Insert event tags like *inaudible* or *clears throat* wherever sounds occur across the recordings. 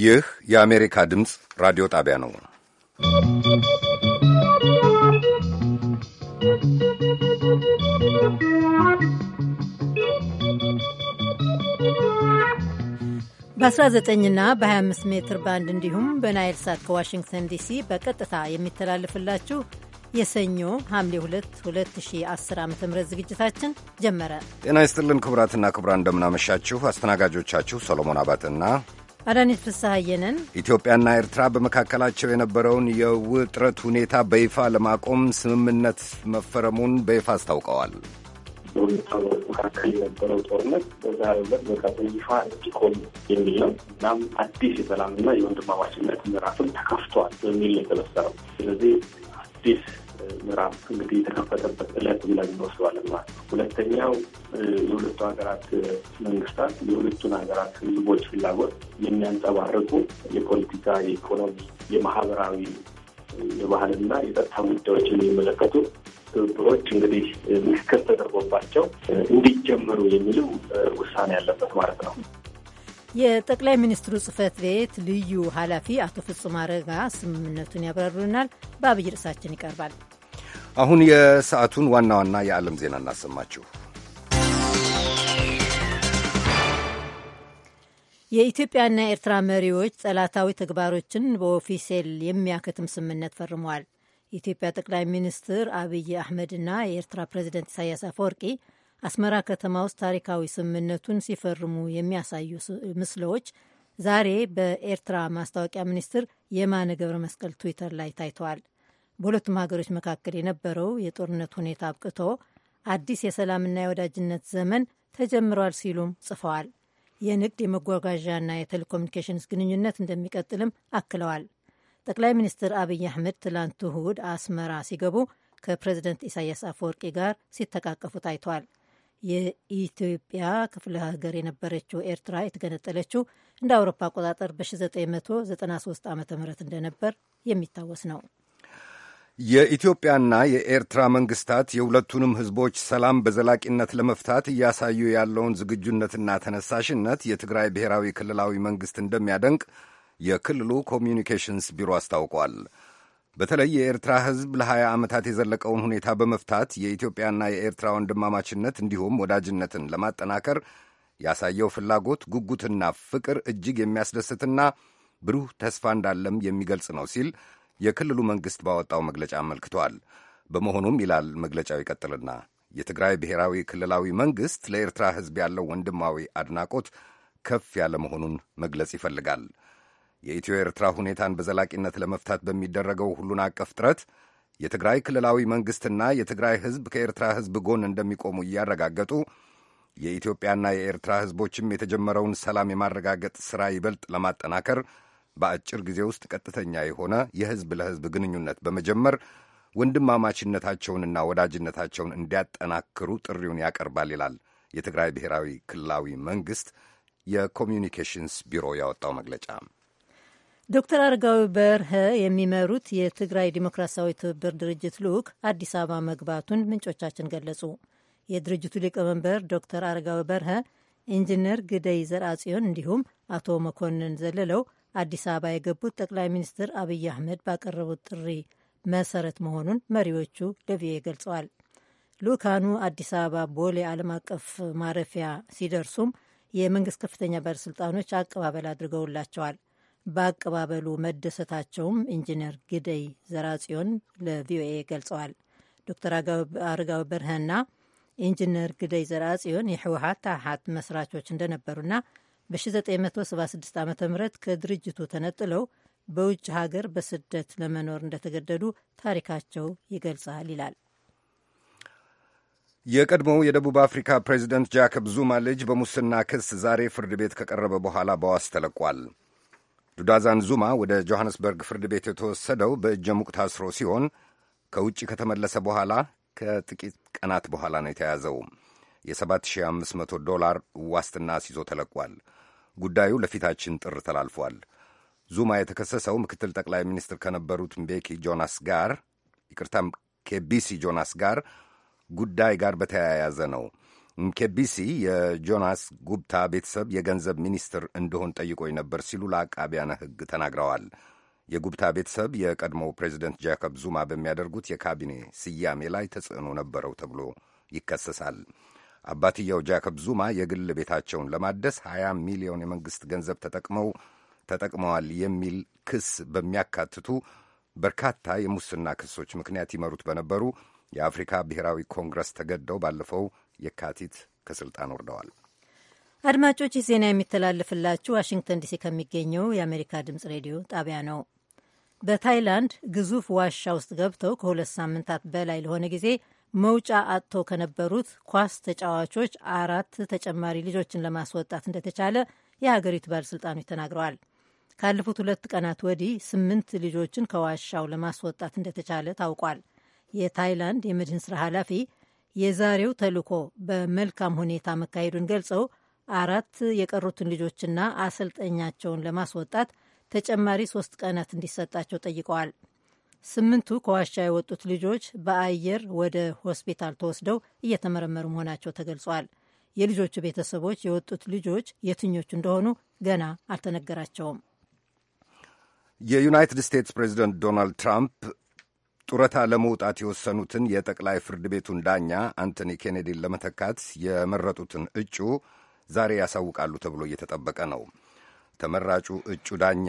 ይህ የአሜሪካ ድምፅ ራዲዮ ጣቢያ ነው። በ19ና በ25 ሜትር ባንድ እንዲሁም በናይል ሳት ከዋሽንግተን ዲሲ በቀጥታ የሚተላለፍላችሁ የሰኞ ሐምሌ 2 2010 ዓ ም ዝግጅታችን ጀመረ። ጤና ይስጥልን ክቡራትና ክቡራን፣ እንደምናመሻችሁ። አስተናጋጆቻችሁ ሰሎሞን አባትና አዳነች ፍስሐየንን ኢትዮጵያና ኤርትራ በመካከላቸው የነበረውን የውጥረት ሁኔታ በይፋ ለማቆም ስምምነት መፈረሙን በይፋ አስታውቀዋል። በሁለቱ መካከል የነበረው ጦርነት በዛሬው ዕለት በቃ በይፋ እንዲቆም የሚል ነው። እናም አዲስ የሰላምና የወንድማማችነት ተከፍቷል በሚል የተበሰረው ስለዚህ አዲስ ምዕራፍ እንግዲህ የተከፈተበት ዕለት ብለን እንወስደዋለን ማለት ነው። ሁለተኛው የሁለቱ ሀገራት መንግስታት የሁለቱን ሀገራት ህዝቦች ፍላጎት የሚያንጸባርቁ የፖለቲካ፣ የኢኮኖሚ፣ የማህበራዊ፣ የባህልና የጸጥታ ጉዳዮችን የሚመለከቱ ትብብሮች እንግዲህ ምክክር ተደርጎባቸው እንዲጀመሩ የሚልም ውሳኔ ያለበት ማለት ነው። የጠቅላይ ሚኒስትሩ ጽህፈት ቤት ልዩ ኃላፊ አቶ ፍጹም አረጋ ስምምነቱን ያብራሩናል። በአብይ ርዕሳችን ይቀርባል። አሁን የሰዓቱን ዋና ዋና የዓለም ዜና እናሰማችሁ። የኢትዮጵያና የኤርትራ መሪዎች ጸላታዊ ተግባሮችን በኦፊሴል የሚያከትም ስምምነት ፈርመዋል። የኢትዮጵያ ጠቅላይ ሚኒስትር አብይ አህመድና የኤርትራ ፕሬዚደንት ኢሳያስ አፈወርቂ አስመራ ከተማ ውስጥ ታሪካዊ ስምምነቱን ሲፈርሙ የሚያሳዩ ምስሎች ዛሬ በኤርትራ ማስታወቂያ ሚኒስትር የማነ ገብረ መስቀል ትዊተር ላይ ታይተዋል። በሁለቱም ሀገሮች መካከል የነበረው የጦርነት ሁኔታ አብቅቶ አዲስ የሰላምና የወዳጅነት ዘመን ተጀምሯል ሲሉም ጽፈዋል። የንግድ የመጓጓዣና የቴሌኮሙኒኬሽንስ ግንኙነት እንደሚቀጥልም አክለዋል። ጠቅላይ ሚኒስትር አብይ አህመድ ትላንት እሁድ አስመራ ሲገቡ ከፕሬዚደንት ኢሳያስ አፈወርቂ ጋር ሲተቃቀፉ ታይቷል። የኢትዮጵያ ክፍለ ሀገር የነበረችው ኤርትራ የተገነጠለችው እንደ አውሮፓ አቆጣጠር በ1993 ዓ ም እንደነበር የሚታወስ ነው። የኢትዮጵያና የኤርትራ መንግስታት የሁለቱንም ህዝቦች ሰላም በዘላቂነት ለመፍታት እያሳዩ ያለውን ዝግጁነትና ተነሳሽነት የትግራይ ብሔራዊ ክልላዊ መንግስት እንደሚያደንቅ የክልሉ ኮሚኒኬሽንስ ቢሮ አስታውቋል። በተለይ የኤርትራ ህዝብ ለ20 ዓመታት የዘለቀውን ሁኔታ በመፍታት የኢትዮጵያና የኤርትራ ወንድማማችነት እንዲሁም ወዳጅነትን ለማጠናከር ያሳየው ፍላጎት፣ ጉጉትና ፍቅር እጅግ የሚያስደስትና ብሩህ ተስፋ እንዳለም የሚገልጽ ነው ሲል የክልሉ መንግሥት ባወጣው መግለጫ አመልክቷል። በመሆኑም ይላል መግለጫው ይቀጥልና የትግራይ ብሔራዊ ክልላዊ መንግሥት ለኤርትራ ሕዝብ ያለው ወንድማዊ አድናቆት ከፍ ያለ መሆኑን መግለጽ ይፈልጋል። የኢትዮ ኤርትራ ሁኔታን በዘላቂነት ለመፍታት በሚደረገው ሁሉን አቀፍ ጥረት የትግራይ ክልላዊ መንግሥትና የትግራይ ሕዝብ ከኤርትራ ሕዝብ ጎን እንደሚቆሙ እያረጋገጡ የኢትዮጵያና የኤርትራ ሕዝቦችም የተጀመረውን ሰላም የማረጋገጥ ሥራ ይበልጥ ለማጠናከር በአጭር ጊዜ ውስጥ ቀጥተኛ የሆነ የሕዝብ ለሕዝብ ግንኙነት በመጀመር ወንድማማችነታቸውንና ወዳጅነታቸውን እንዲያጠናክሩ ጥሪውን ያቀርባል ይላል የትግራይ ብሔራዊ ክልላዊ መንግሥት የኮሚዩኒኬሽንስ ቢሮ ያወጣው መግለጫ። ዶክተር አረጋዊ በርሀ የሚመሩት የትግራይ ዲሞክራሲያዊ ትብብር ድርጅት ልዑክ አዲስ አበባ መግባቱን ምንጮቻችን ገለጹ። የድርጅቱ ሊቀመንበር ዶክተር አረጋዊ በርሀ፣ ኢንጂነር ግደይ ዘርአጽዮን እንዲሁም አቶ መኮንን ዘለለው አዲስ አበባ የገቡት ጠቅላይ ሚኒስትር አብይ አህመድ ባቀረቡት ጥሪ መሰረት መሆኑን መሪዎቹ ለቪኦኤ ገልጸዋል። ልኡካኑ አዲስ አበባ ቦሌ ዓለም አቀፍ ማረፊያ ሲደርሱም የመንግስት ከፍተኛ ባለሥልጣኖች አቀባበል አድርገውላቸዋል። በአቀባበሉ መደሰታቸውም ኢንጂነር ግደይ ዘራጽዮን ለቪኦኤ ገልጸዋል። ዶክተር አረጋዊ በርሀና ኢንጂነር ግደይ ዘራጽዮን የህወሀት ታሀት መስራቾች እንደነበሩና በ1976 ዓ ም ከድርጅቱ ተነጥለው በውጭ ሀገር በስደት ለመኖር እንደተገደዱ ታሪካቸው ይገልጻል ይላል። የቀድሞው የደቡብ አፍሪካ ፕሬዚደንት ጃከብ ዙማ ልጅ በሙስና ክስ ዛሬ ፍርድ ቤት ከቀረበ በኋላ በዋስ ተለቋል። ዱዳዛን ዙማ ወደ ጆሐንስበርግ ፍርድ ቤት የተወሰደው በእጀ ሙቅ ታስሮ ሲሆን ከውጭ ከተመለሰ በኋላ ከጥቂት ቀናት በኋላ ነው የተያዘው። የ7500 ዶላር ዋስትና አስይዞ ተለቋል። ጉዳዩ ለፊታችን ጥር ተላልፏል። ዙማ የተከሰሰው ምክትል ጠቅላይ ሚኒስትር ከነበሩት ምቤኪ ጆናስ ጋር ይቅርታ፣ ኬቢሲ ጆናስ ጋር ጉዳይ ጋር በተያያዘ ነው። ኬቢሲ የጆናስ ጉብታ ቤተሰብ የገንዘብ ሚኒስትር እንደሆን ጠይቆኝ ነበር ሲሉ ለአቃቢያነ ሕግ ተናግረዋል። የጉብታ ቤተሰብ የቀድሞው ፕሬዚደንት ጃከብ ዙማ በሚያደርጉት የካቢኔ ስያሜ ላይ ተጽዕኖ ነበረው ተብሎ ይከሰሳል። አባትየው ጃከብ ዙማ የግል ቤታቸውን ለማደስ 20 ሚሊዮን የመንግሥት ገንዘብ ተጠቅመው ተጠቅመዋል የሚል ክስ በሚያካትቱ በርካታ የሙስና ክሶች ምክንያት ይመሩት በነበሩ የአፍሪካ ብሔራዊ ኮንግረስ ተገደው ባለፈው የካቲት ከስልጣን ወርደዋል። አድማጮች፣ ይህ ዜና የሚተላለፍላችሁ ዋሽንግተን ዲሲ ከሚገኘው የአሜሪካ ድምፅ ሬዲዮ ጣቢያ ነው። በታይላንድ ግዙፍ ዋሻ ውስጥ ገብተው ከሁለት ሳምንታት በላይ ለሆነ ጊዜ መውጫ አጥቶ ከነበሩት ኳስ ተጫዋቾች አራት ተጨማሪ ልጆችን ለማስወጣት እንደተቻለ የሀገሪቱ ባለሥልጣኖች ተናግረዋል። ካለፉት ሁለት ቀናት ወዲህ ስምንት ልጆችን ከዋሻው ለማስወጣት እንደተቻለ ታውቋል። የታይላንድ የመድህን ስራ ኃላፊ የዛሬው ተልኮ በመልካም ሁኔታ መካሄዱን ገልጸው አራት የቀሩትን ልጆችና አሰልጠኛቸውን ለማስወጣት ተጨማሪ ሶስት ቀናት እንዲሰጣቸው ጠይቀዋል። ስምንቱ ከዋሻ የወጡት ልጆች በአየር ወደ ሆስፒታል ተወስደው እየተመረመሩ መሆናቸው ተገልጿል። የልጆቹ ቤተሰቦች የወጡት ልጆች የትኞቹ እንደሆኑ ገና አልተነገራቸውም። የዩናይትድ ስቴትስ ፕሬዚደንት ዶናልድ ትራምፕ ጡረታ ለመውጣት የወሰኑትን የጠቅላይ ፍርድ ቤቱን ዳኛ አንቶኒ ኬኔዲን ለመተካት የመረጡትን እጩ ዛሬ ያሳውቃሉ ተብሎ እየተጠበቀ ነው። ተመራጩ እጩ ዳኛ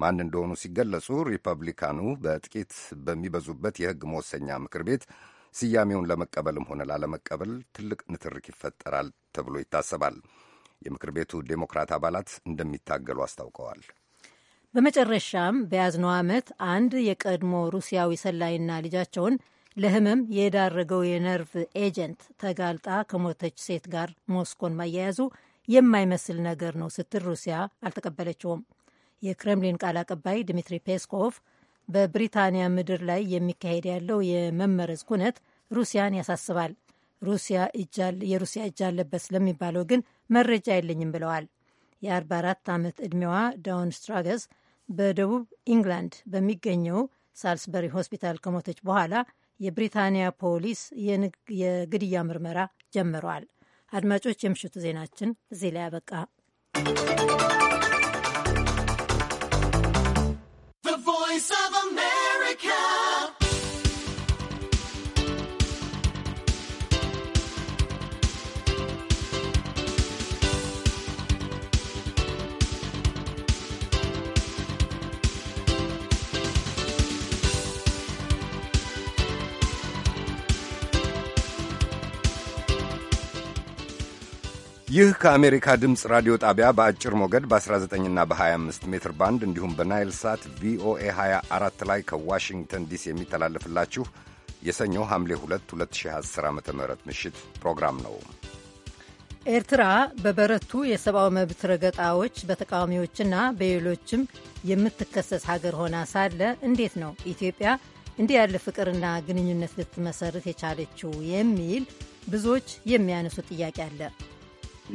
ማን እንደሆኑ ሲገለጹ ሪፐብሊካኑ በጥቂት በሚበዙበት የሕግ መወሰኛ ምክር ቤት ስያሜውን ለመቀበልም ሆነ ላለመቀበል ትልቅ ንትርክ ይፈጠራል ተብሎ ይታሰባል። የምክር ቤቱ ዴሞክራት አባላት እንደሚታገሉ አስታውቀዋል። በመጨረሻም በያዝነው ዓመት አንድ የቀድሞ ሩሲያዊ ሰላይና ልጃቸውን ለህመም የዳረገው የነርቭ ኤጀንት ተጋልጣ ከሞተች ሴት ጋር ሞስኮን ማያያዙ የማይመስል ነገር ነው ስትል ሩሲያ አልተቀበለችውም። የክሬምሊን ቃል አቀባይ ድሚትሪ ፔስኮቭ በብሪታንያ ምድር ላይ የሚካሄድ ያለው የመመረዝ ኩነት ሩሲያን ያሳስባል፣ የሩሲያ እጅ አለበት ስለሚባለው ግን መረጃ የለኝም ብለዋል። የ44 ዓመት ዕድሜዋ ዳውን ስትራገስ በደቡብ ኢንግላንድ በሚገኘው ሳልስበሪ ሆስፒታል ከሞተች በኋላ የብሪታንያ ፖሊስ የግድያ ምርመራ ጀምረዋል። አድማጮች፣ የምሽቱ ዜናችን እዚህ ላይ አበቃ። ቮይስ ኦፍ አሜሪካ ይህ ከአሜሪካ ድምፅ ራዲዮ ጣቢያ በአጭር ሞገድ በ19 እና በ25 ሜትር ባንድ እንዲሁም በናይል ሳት ቪኦኤ 24 ላይ ከዋሽንግተን ዲሲ የሚተላለፍላችሁ የሰኞ ሐምሌ 2 2010 ዓ ም ምሽት ፕሮግራም ነው። ኤርትራ በበረቱ የሰብአዊ መብት ረገጣዎች በተቃዋሚዎችና በሌሎችም የምትከሰስ ሀገር ሆና ሳለ እንዴት ነው ኢትዮጵያ እንዲህ ያለ ፍቅርና ግንኙነት ልትመሰርት የቻለችው የሚል ብዙዎች የሚያነሱ ጥያቄ አለ።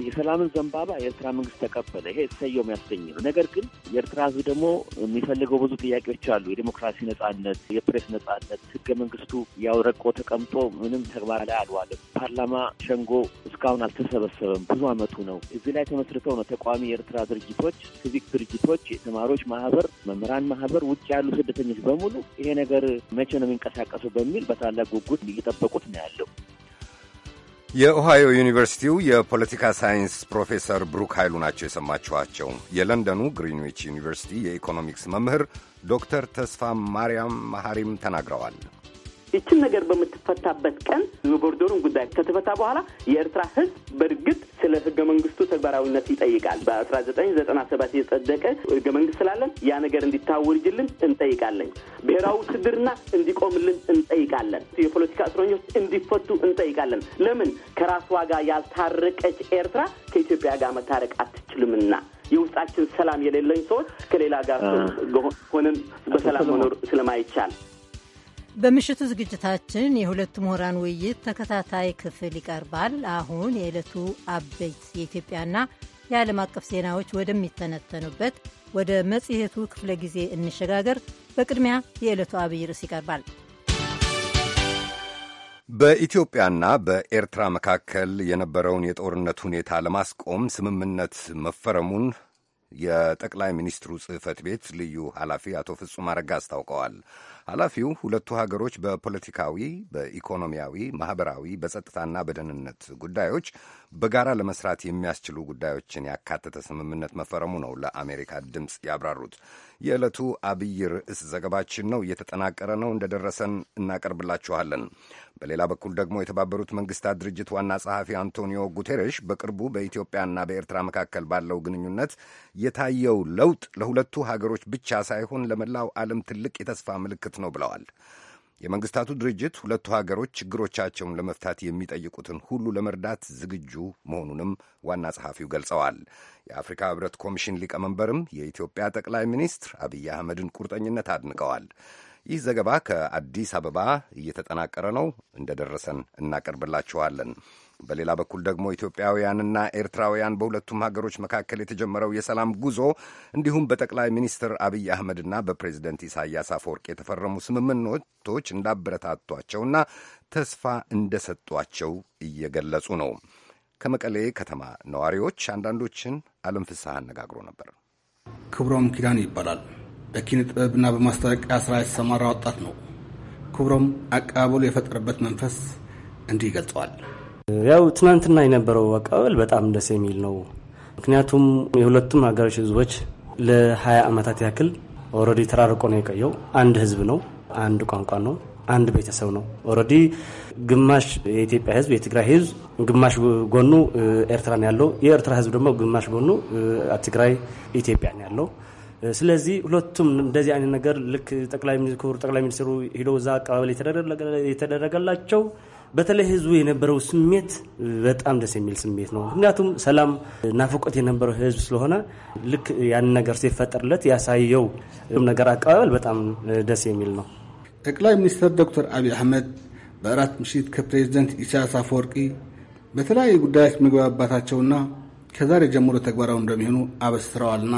የሰላምን ዘንባባ የኤርትራ መንግስት ተቀበለ። ይሄ እሰየው የሚያሰኝ ነው። ነገር ግን የኤርትራ ህዝብ ደግሞ የሚፈልገው ብዙ ጥያቄዎች አሉ። የዴሞክራሲ ነጻነት፣ የፕሬስ ነጻነት፣ ህገ መንግስቱ ያውረቆ ተቀምጦ ምንም ተግባር ላይ አልዋለም። ፓርላማ ሸንጎ እስካሁን አልተሰበሰበም። ብዙ አመቱ ነው። እዚህ ላይ ተመስርተው ነው ተቋሚ የኤርትራ ድርጅቶች፣ ሲቪክ ድርጅቶች፣ የተማሪዎች ማህበር፣ መምህራን ማህበር፣ ውጭ ያሉ ስደተኞች በሙሉ ይሄ ነገር መቼ ነው የሚንቀሳቀሱ በሚል በታላቅ ጉጉት እየጠበቁት ነው ያለው። የኦሃዮ ዩኒቨርሲቲው የፖለቲካ ሳይንስ ፕሮፌሰር ብሩክ ኃይሉ ናቸው የሰማችኋቸው። የለንደኑ ግሪንዊች ዩኒቨርሲቲ የኢኮኖሚክስ መምህር ዶክተር ተስፋ ማርያም መሐሪም ተናግረዋል። ይችን ነገር በምትፈታበት ቀን የቦርደሩን ጉዳይ ከተፈታ በኋላ የኤርትራ ህዝብ በእርግጥ ስለ ህገ መንግስቱ ተግባራዊነት ይጠይቃል። በአስራ ዘጠኝ ዘጠና ሰባት የጸደቀ ህገ መንግስት ስላለን ያ ነገር እንዲታወጅልን እንጠይቃለን። ብሔራዊ ውትድርና እንዲቆምልን እንጠይቃለን። የፖለቲካ እስረኞች እንዲፈቱ እንጠይቃለን። ለምን ከራሷ ጋር ያልታረቀች ኤርትራ ከኢትዮጵያ ጋር መታረቅ አትችልምና የውስጣችን ሰላም የሌለኝ ሰዎች ከሌላ ጋር ሆነን በሰላም መኖር ስለማይቻል በምሽቱ ዝግጅታችን የሁለቱ ምሁራን ውይይት ተከታታይ ክፍል ይቀርባል። አሁን የዕለቱ አበይት የኢትዮጵያና የዓለም አቀፍ ዜናዎች ወደሚተነተኑበት ወደ መጽሔቱ ክፍለ ጊዜ እንሸጋገር። በቅድሚያ የዕለቱ አብይ ርዕስ ይቀርባል። በኢትዮጵያና በኤርትራ መካከል የነበረውን የጦርነት ሁኔታ ለማስቆም ስምምነት መፈረሙን የጠቅላይ ሚኒስትሩ ጽህፈት ቤት ልዩ ኃላፊ አቶ ፍጹም አረጋ አስታውቀዋል። ኃላፊው ሁለቱ ሀገሮች በፖለቲካዊ፣ በኢኮኖሚያዊ፣ ማኅበራዊ፣ በጸጥታና በደህንነት ጉዳዮች በጋራ ለመስራት የሚያስችሉ ጉዳዮችን ያካተተ ስምምነት መፈረሙ ነው ለአሜሪካ ድምፅ ያብራሩት። የዕለቱ አብይ ርዕስ ዘገባችን ነው። እየተጠናቀረ ነው፣ እንደደረሰን እናቀርብላችኋለን። በሌላ በኩል ደግሞ የተባበሩት መንግስታት ድርጅት ዋና ጸሐፊ አንቶኒዮ ጉቴሬሽ በቅርቡ በኢትዮጵያና በኤርትራ መካከል ባለው ግንኙነት የታየው ለውጥ ለሁለቱ ሀገሮች ብቻ ሳይሆን ለመላው ዓለም ትልቅ የተስፋ ምልክት ነው ብለዋል። የመንግስታቱ ድርጅት ሁለቱ ሀገሮች ችግሮቻቸውን ለመፍታት የሚጠይቁትን ሁሉ ለመርዳት ዝግጁ መሆኑንም ዋና ጸሐፊው ገልጸዋል። የአፍሪካ ህብረት ኮሚሽን ሊቀመንበርም የኢትዮጵያ ጠቅላይ ሚኒስትር አብይ አህመድን ቁርጠኝነት አድንቀዋል። ይህ ዘገባ ከአዲስ አበባ እየተጠናቀረ ነው፣ እንደደረሰን እናቀርብላችኋለን። በሌላ በኩል ደግሞ ኢትዮጵያውያንና ኤርትራውያን በሁለቱም ሀገሮች መካከል የተጀመረው የሰላም ጉዞ እንዲሁም በጠቅላይ ሚኒስትር አብይ አህመድና በፕሬዚደንት ኢሳያስ አፈወርቅ የተፈረሙ ስምምነቶች እንዳበረታቷቸውና ተስፋ እንደሰጧቸው እየገለጹ ነው። ከመቀሌ ከተማ ነዋሪዎች አንዳንዶችን አለም ፍስሐ አነጋግሮ ነበር። ክብሮም ኪዳን ይባላል። በኪነ ጥበብና በማስታወቂያ ስራ የተሰማራ ወጣት ነው። ክብሮም አቀባበሉ የፈጠረበት መንፈስ እንዲህ ይገልጸዋል። ያው ትናንትና የነበረው አቀባበል በጣም ደስ የሚል ነው። ምክንያቱም የሁለቱም ሀገሮች ህዝቦች ለ20 ዓመታት ያክል ኦልሬዲ ተራርቆ ነው የቆየው። አንድ ህዝብ ነው፣ አንድ ቋንቋ ነው፣ አንድ ቤተሰብ ነው። ኦልሬዲ ግማሽ የኢትዮጵያ ህዝብ የትግራይ ህዝብ ግማሽ ጎኑ ኤርትራን ያለው የኤርትራ ህዝብ ደግሞ ግማሽ ጎኑ ትግራይ ኢትዮጵያን ያለው ስለዚህ ሁለቱም እንደዚህ አይነት ነገር ልክ ጠቅላይ ሚኒስትሩ ጠቅላይ ሚኒስትሩ ሂዶ እዛ አቀባበል የተደረገላቸው በተለይ ህዝቡ የነበረው ስሜት በጣም ደስ የሚል ስሜት ነው። ምክንያቱም ሰላም ናፍቆት የነበረው ህዝብ ስለሆነ ልክ ያን ነገር ሲፈጠርለት ያሳየው ነገር አቀባበል በጣም ደስ የሚል ነው። ጠቅላይ ሚኒስትር ዶክተር አብይ አህመድ በእራት ምሽት ከፕሬዚደንት ኢሳያስ አፈወርቂ በተለያዩ ጉዳዮች መግባባታቸውና ከዛሬ ጀምሮ ተግባራዊ እንደሚሆኑ አበስረዋልና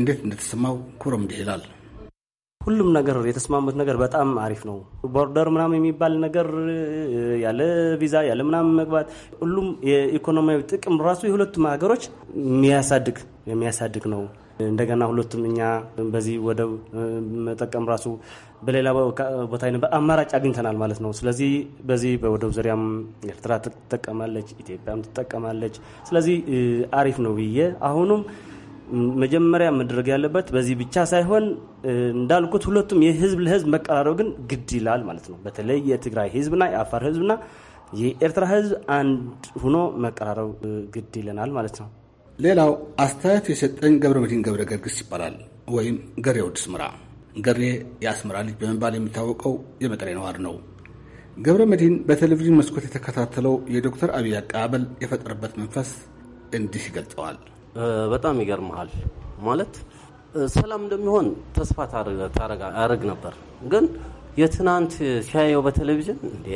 እንዴት እንደተሰማው ኩረምድ ይላል። ሁሉም ነገር የተስማሙት ነገር በጣም አሪፍ ነው። ቦርደር ምናምን የሚባል ነገር ያለ ቪዛ ያለ ምናምን መግባት ሁሉም የኢኮኖሚያዊ ጥቅም ራሱ የሁለቱም ሀገሮች የሚያሳድግ የሚያሳድግ ነው። እንደገና ሁለቱም እኛ በዚህ ወደብ መጠቀም ራሱ በሌላ ቦታ በአማራጭ አግኝተናል ማለት ነው። ስለዚህ በዚህ በወደብ ዙሪያም ኤርትራ ትጠቀማለች፣ ኢትዮጵያም ትጠቀማለች። ስለዚህ አሪፍ ነው ብዬ አሁኑም መጀመሪያ መድረግ ያለበት በዚህ ብቻ ሳይሆን እንዳልኩት ሁለቱም የህዝብ ለህዝብ መቀራረብ ግን ግድ ይላል ማለት ነው። በተለይ የትግራይ ህዝብና የአፋር ህዝብና የኤርትራ ህዝብ አንድ ሆኖ መቀራረብ ግድ ይለናል ማለት ነው። ሌላው አስተያየት የሰጠኝ ገብረ መድህን ገብረ ገርግስ ይባላል ወይም ገሬ ወድ ስምራ። ገሬ የአስመራ ልጅ በመባል የሚታወቀው የመቀሌ ነዋር ነው። ገብረ መድህን በቴሌቪዥን መስኮት የተከታተለው የዶክተር አብይ አቀባበል የፈጠረበት መንፈስ እንዲህ ይገልጸዋል። በጣም ይገርመሃል ማለት ሰላም እንደሚሆን ተስፋ ታረግ ነበር። ግን የትናንት ሲያየው በቴሌቪዥን እንዴ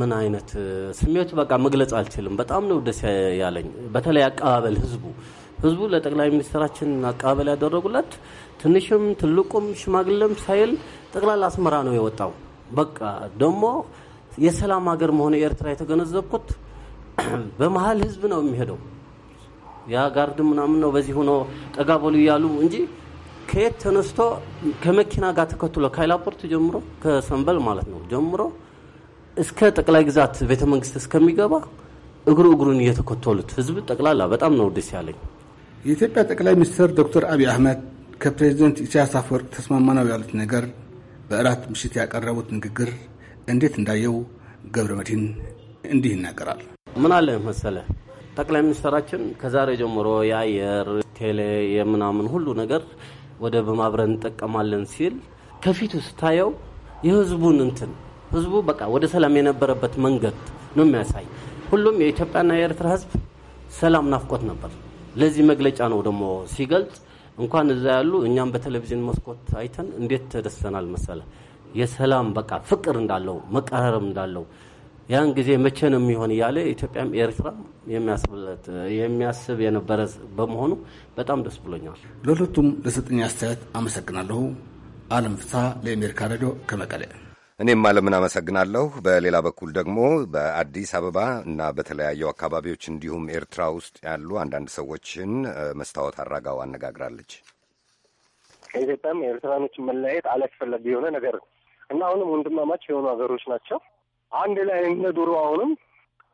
ምን አይነት ስሜቱ በቃ መግለጽ አልችልም። በጣም ነው ደስ ያለኝ። በተለይ አቀባበል ህዝቡ ህዝቡ ለጠቅላይ ሚኒስትራችን አቀባበል ያደረጉለት ትንሽም ትልቁም ሽማግሌም ሳይል ጠቅላላ አስመራ ነው የወጣው። በቃ ደግሞ የሰላም ሀገር መሆኑ ኤርትራ የተገነዘብኩት *clears throat* በመሀል ህዝብ ነው የሚሄደው ያ ጋርድ ምናምን ነው በዚህ ሆኖ ጠጋ በሉ እያሉ እንጂ ከየት ተነስቶ ከመኪና ጋር ተከትሎ ከሃይላፖርት ጀምሮ ከሰንበል ማለት ነው ጀምሮ እስከ ጠቅላይ ግዛት ቤተ መንግስት እስከሚገባ እግሩ እግሩን እየተከተሉት ህዝብ ጠቅላላ በጣም ነው ደስ ያለኝ። የኢትዮጵያ ጠቅላይ ሚኒስትር ዶክተር አብይ አህመድ ከፕሬዚደንት ኢሳያስ አፈወርቅ ተስማማነው ያሉት ነገር በእራት ምሽት ያቀረቡት ንግግር እንዴት እንዳየው ገብረ መድህን እንዲህ ይናገራል። ምን አለ መሰለ ጠቅላይ ሚኒስትራችን ከዛሬ ጀምሮ የአየር ቴሌ የምናምን ሁሉ ነገር ወደ በማብረን እንጠቀማለን ሲል ከፊቱ ስታየው የህዝቡን እንትን ህዝቡ በቃ ወደ ሰላም የነበረበት መንገድ ነው የሚያሳይ። ሁሉም የኢትዮጵያና የኤርትራ ህዝብ ሰላም ናፍቆት ነበር። ለዚህ መግለጫ ነው ደግሞ ሲገልጽ እንኳን እዛ ያሉ እኛም በቴሌቪዥን መስኮት አይተን እንዴት ተደስተናል መሰለ። የሰላም በቃ ፍቅር እንዳለው መቀራረብ እንዳለው ያን ጊዜ መቼ ነው የሚሆን እያለ ኢትዮጵያም ኤርትራ የሚያስብለት የሚያስብ የነበረ በመሆኑ በጣም ደስ ብሎኛል። ለሁለቱም ለሰጠኝ አስተያየት አመሰግናለሁ። አለም ፍስሐ ለአሜሪካ ሬዲዮ ከመቀሌ። እኔም አለምን አመሰግናለሁ። በሌላ በኩል ደግሞ በአዲስ አበባ እና በተለያዩ አካባቢዎች እንዲሁም ኤርትራ ውስጥ ያሉ አንዳንድ ሰዎችን መስታወት አራጋው አነጋግራለች። ከኢትዮጵያም ኤርትራኖች መለያየት አላስፈላጊ የሆነ ነገር ነው እና አሁንም ወንድማማች የሆኑ ሀገሮች ናቸው አንድ ላይ እንደ ዱሮ አሁንም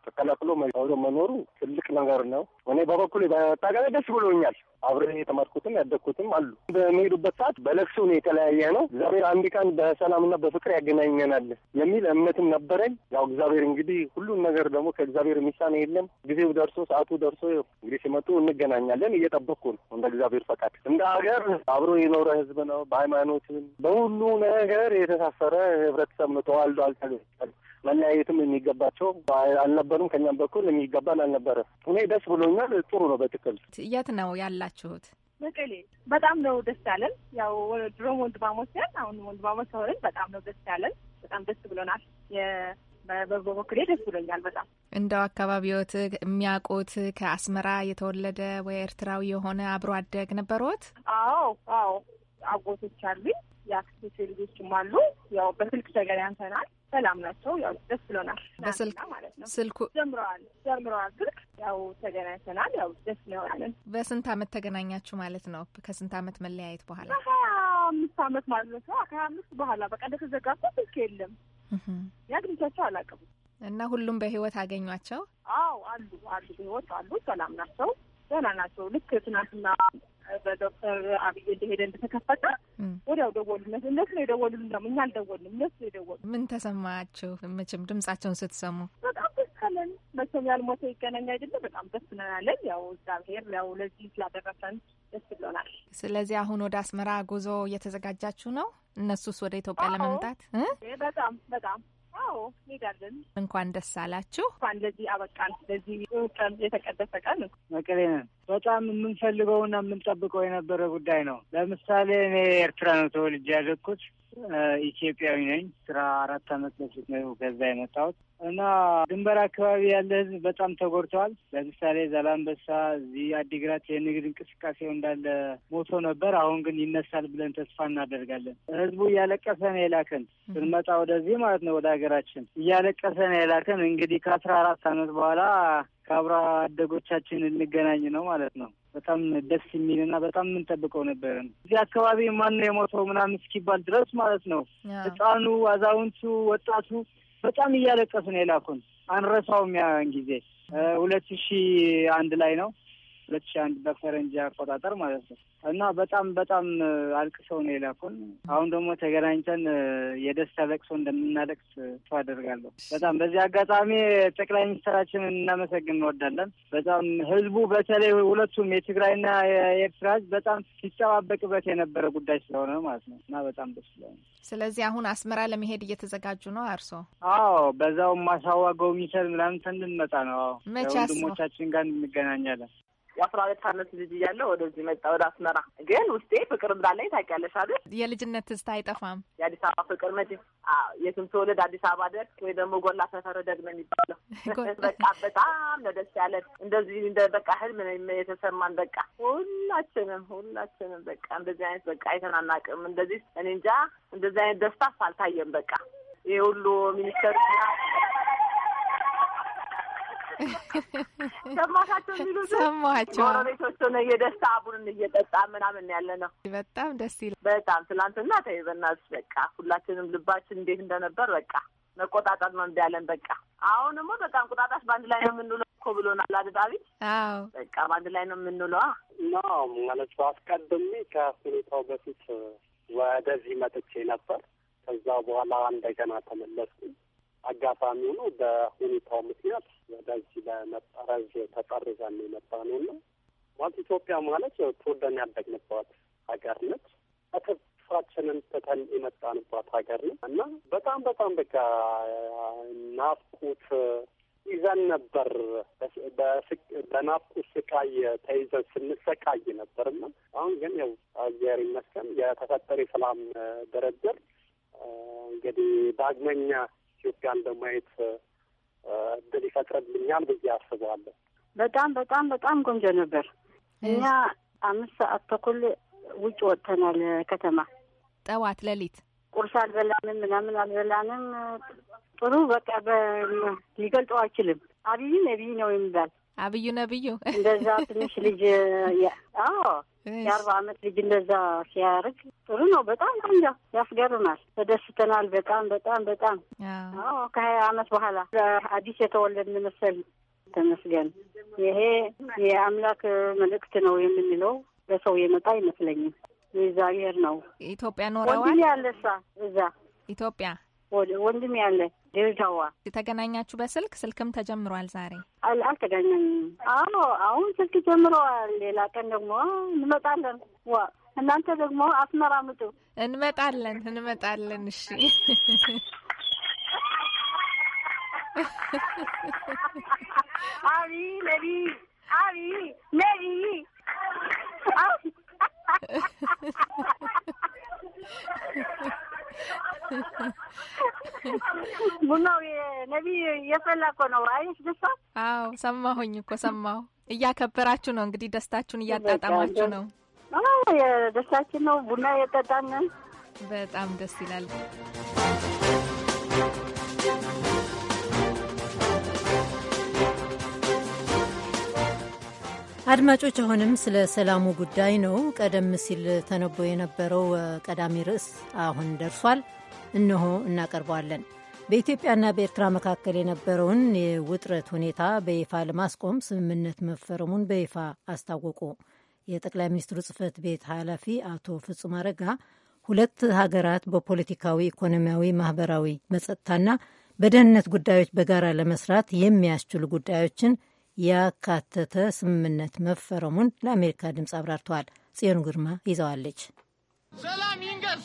ተቀላቅሎ አብሮ መኖሩ ትልቅ ነገር ነው። እኔ በበኩል በአጠቃላይ ደስ ብሎኛል። አብሬ የተማርኩትም ያደግኩትም አሉ። በሚሄዱበት ሰዓት በለቅሶ ነው የተለያየ ነው። እግዚአብሔር አንድ ቀን በሰላምና በፍቅር ያገናኘናል የሚል እምነትም ነበረኝ። ያው እግዚአብሔር እንግዲህ ሁሉን ነገር ደግሞ ከእግዚአብሔር የሚሳነው የለም። ጊዜው ደርሶ ሰዓቱ ደርሶ እንግዲህ ሲመጡ እንገናኛለን። እየጠበቅኩ ነው እንደ እግዚአብሔር ፈቃድ። እንደ ሀገር አብሮ የኖረ ህዝብ ነው። በሃይማኖትም በሁሉ ነገር የተሳሰረ ህብረተሰብ ነው። ተዋልዶ አልተገ መለያየትም የሚገባቸው አልነበሩም። ከኛም በኩል የሚገባን አልነበረም። እኔ ደስ ብሎኛል። ጥሩ ነው። በትክክል የት ነው ያላችሁት? መቀሌ በጣም ነው ደስ ያለን። ያው ድሮም ወንድማሞች ነን፣ አሁን ወንድማሞች ሆነን በጣም ነው ደስ ያለን። በጣም ደስ ብሎናል። በበኩሌ ደስ ብሎኛል በጣም እንደው አካባቢዎት የሚያውቁት ከአስመራ የተወለደ ወይ ኤርትራዊ የሆነ አብሮ አደግ ነበሮት? አዎ አዎ፣ አጎቶች አሉኝ፣ የአክስቶች ልጆችም አሉ። ያው በስልክ ተገናኝተናል። ሰላም ናቸው። ያው ደስ ብሎናል። በስልክ ማለት ነው። ስልኩ ጀምረዋል ጀምረዋል። ስልክ ያው ተገናኝተናል። ያው ደስ ይኖራለን። በስንት አመት ተገናኛችሁ ማለት ነው? ከስንት አመት መለያየት በኋላ? ከሀያ አምስት አመት ማለት ነው። ከሀያ አምስት በኋላ በቃ እንደተዘጋጋ ስልክ የለም። ያግኝቻቸው አላውቅም። እና ሁሉም በህይወት አገኟቸው? አዎ አሉ አሉ፣ በህይወት አሉ። ሰላም ናቸው፣ ደህና ናቸው። ልክ ትናንትና በዶክተር አብይ እንደሄደ እንደተከፈተ ወዲያው ደወሉለት። እነሱ ነው የደወሉልን፣ እንደውም እኛ አልደወሉም። እነሱ የደወሉ። ምን ተሰማችሁ? መቼም ድምጻቸውን ስትሰሙ በጣም ደስ አለን። መቼም ያልሞተ ይገናኝ አይደለ? በጣም ደስ ብለናለን። ያው እግዚአብሔር ያው ለዚህ ስላደረሰን ደስ ብሎናል። ስለዚህ አሁን ወደ አስመራ ጉዞ እየተዘጋጃችሁ ነው? እነሱስ ወደ ኢትዮጵያ ለመምጣት በጣም በጣም አዎ እንሄዳለን። እንኳን ደስ አላችሁ። እንኳን ለዚህ አበቃን። ለዚህ ቀን የተቀደሰ ቀን መቀሌ ነን። በጣም የምንፈልገውና የምንጠብቀው የነበረ ጉዳይ ነው። ለምሳሌ እኔ ኤርትራ ነው ተወልጄ ያደግኩት። ኢትዮጵያዊ ነኝ። ስራ አራት አመት በፊት ነው ከዛ የመጣሁት እና ድንበር አካባቢ ያለ ህዝብ በጣም ተጎድተዋል። ለምሳሌ ዛላንበሳ፣ እዚህ አዲግራት የንግድ እንቅስቃሴው እንዳለ ሞቶ ነበር። አሁን ግን ይነሳል ብለን ተስፋ እናደርጋለን። ህዝቡ እያለቀሰ ነው የላከን ስንመጣ ወደዚህ ማለት ነው ወደ ሀገራችን እያለቀሰ ነው የላከን። እንግዲህ ከአስራ አራት አመት በኋላ ከአብረ አደጎቻችን እንገናኝ ነው ማለት ነው። በጣም ደስ የሚል እና በጣም የምንጠብቀው ነበር። እዚህ አካባቢ ማነው የሞተው ምናምን እስኪባል ድረስ ማለት ነው። ህፃኑ፣ አዛውንቱ፣ ወጣቱ በጣም እያለቀስ ነው የላኩን። አንረሳውም ያን ጊዜ ሁለት ሺህ አንድ ላይ ነው ሁለት ሺህ አንድ በፈረንጅ አቆጣጠር ማለት ነው። እና በጣም በጣም አልቅሰው ነው የላኩን። አሁን ደግሞ ተገናኝተን የደስታ ለቅሶ እንደምናለቅስ ተስፋ አደርጋለሁ። በጣም በዚህ አጋጣሚ ጠቅላይ ሚኒስትራችንን እናመሰግን እንወዳለን። በጣም ህዝቡ በተለይ ሁለቱም የትግራይና የኤርትራ ህዝብ በጣም ሲጠባበቅበት የነበረ ጉዳይ ስለሆነ ማለት ነው እና በጣም ደስ ይላል። ስለዚህ አሁን አስመራ ለመሄድ እየተዘጋጁ ነው አርሶ? አዎ በዛውም ማሳዋ ጎብኝተን ምናምን እንድንመጣ ነው። መቼ ወንድሞቻችን ጋር እንገናኛለን። የአስራ ሁለት አመት ልጅ እያለሁ ወደዚህ መጣ ወደ አስመራ። ግን ውስጤ ፍቅር እንዳለኝ ታውቂያለሽ አይደል? የልጅነት ትዝታ አይጠፋም። የአዲስ አበባ ፍቅር መቼ የትም ተወለድ አዲስ አበባ ደግ ወይ ደግሞ ጎላ ሰፈር ደግ ነው የሚባለው። *laughs* በቃ በጣም ነው ደስ ያለን። እንደዚህ እንደ በቃ ህልም የተሰማን በቃ ሁላችንም ሁላችንም በቃ እንደዚህ አይነት በቃ አይተናናቅም። እንደዚህ እኔ እንጃ እንደዚህ አይነት ደስታ አልታየም። በቃ ይህ ሁሉ ሚኒስተር *laughs* ሰማካቸው የሚሉ ሰማቸው ጎረቤቶች ሆነ የደስታ አቡንን እየጠጣ ምናምን ያለ ነው። በጣም ደስ ይላል። በጣም ትናንትና ተይ በቃ ሁላችንም ልባችን እንዴት እንደነበር በቃ መቆጣጠር ነው እንዳለን በቃ አሁን ደግሞ በቃ እንቁጣጣሽ በአንድ ላይ ነው የምንውለው እኮ ብሎናል አይደል አዎ በቃ በአንድ ላይ ነው የምንውለዋ ነው ማለት አስቀድሜ ከሁኔታው በፊት ወደዚህ መጥቼ ነበር። ከዛ በኋላ እንደገና ተመለስኩ። አጋጣሚ ሆኖ በሁኔታው ምክንያት ወደዚህ ለመጠረዝ ተጠርዘን የመጣ ነው እና ማለት ኢትዮጵያ ማለት ተወደን ያደግንባት ሀገር ነች። ስራችንን ትተን የመጣንባት ሀገር ነች እና በጣም በጣም በቃ ናፍቁት ይዘን ነበር። በናፍቁት ስቃይ ተይዘን ስንሰቃይ ነበር ነበርና አሁን ግን ያው አየር ይመስገን የተፈጠረ የሰላም ድርድር እንግዲህ ዳግመኛ ኢትዮጵያን ለማየት እድል ይፈጥረልኛል ብዬ አስባለሁ። በጣም በጣም በጣም ቆንጆ ነበር። እኛ አምስት ሰዓት ተኩል ውጭ ወጥተናል። ከተማ ጠዋት ሌሊት ቁርስ አልበላንም፣ ምናምን አልበላንም። ጥሩ በቃ ሊገልጠው አይችልም። አብይ ነብይ ነው የሚባል አብዩ ነብዩ እንደዛ ትንሽ ልጅ አዎ የአርባ አመት ልጅ እንደዛ ሲያርግ ጥሩ ነው። በጣም ቆንጆ ያስገርማል። ተደስተናል። በጣም በጣም በጣም አዎ ከሀያ አመት በኋላ አዲስ የተወለድን መሰል ተመስገን። ይሄ የአምላክ መልእክት ነው የምንለው ለሰው የመጣ አይመስለኝም። የእግዚአብሔር ነው። ኢትዮጵያ ኖረዋል ያለሳ እዛ ኢትዮጵያ ወንድም ያለ ድሬዳዋ የተገናኛችሁ በስልክ ስልክም ተጀምሯል። ዛሬ አልተገናኝም። አዎ አሁን ስልክ ጀምረዋል። ሌላ ቀን ደግሞ እንመጣለን። ዋ እናንተ ደግሞ አስመራ ምጡ። እንመጣለን እንመጣለን። እሺ አቢ ነቢ አቢ ነቢ ቡናው ነቢ የፈላ እኮ ነው። አይሽ ደስታ። አዎ ሰማሁኝ እኮ ሰማሁ። እያከበራችሁ ነው እንግዲህ ደስታችሁን እያጣጣማችሁ ነው። ደስታችን ነው ቡና የጠጣን በጣም ደስ ይላል። አድማጮች አሁንም ስለ ሰላሙ ጉዳይ ነው። ቀደም ሲል ተነቦ የነበረው ቀዳሚ ርዕስ አሁን ደርሷል። እነሆ እናቀርበዋለን። በኢትዮጵያና በኤርትራ መካከል የነበረውን የውጥረት ሁኔታ በይፋ ለማስቆም ስምምነት መፈረሙን በይፋ አስታወቁ። የጠቅላይ ሚኒስትሩ ጽህፈት ቤት ኃላፊ አቶ ፍጹም አረጋ ሁለት ሀገራት በፖለቲካዊ፣ ኢኮኖሚያዊ፣ ማህበራዊ፣ በጸጥታና በደህንነት ጉዳዮች በጋራ ለመስራት የሚያስችሉ ጉዳዮችን ያካተተ ስምምነት መፈረሙን ለአሜሪካ ድምፅ አብራርተዋል። ጽዮን ግርማ ይዘዋለች። ሰላም ይንገስ፣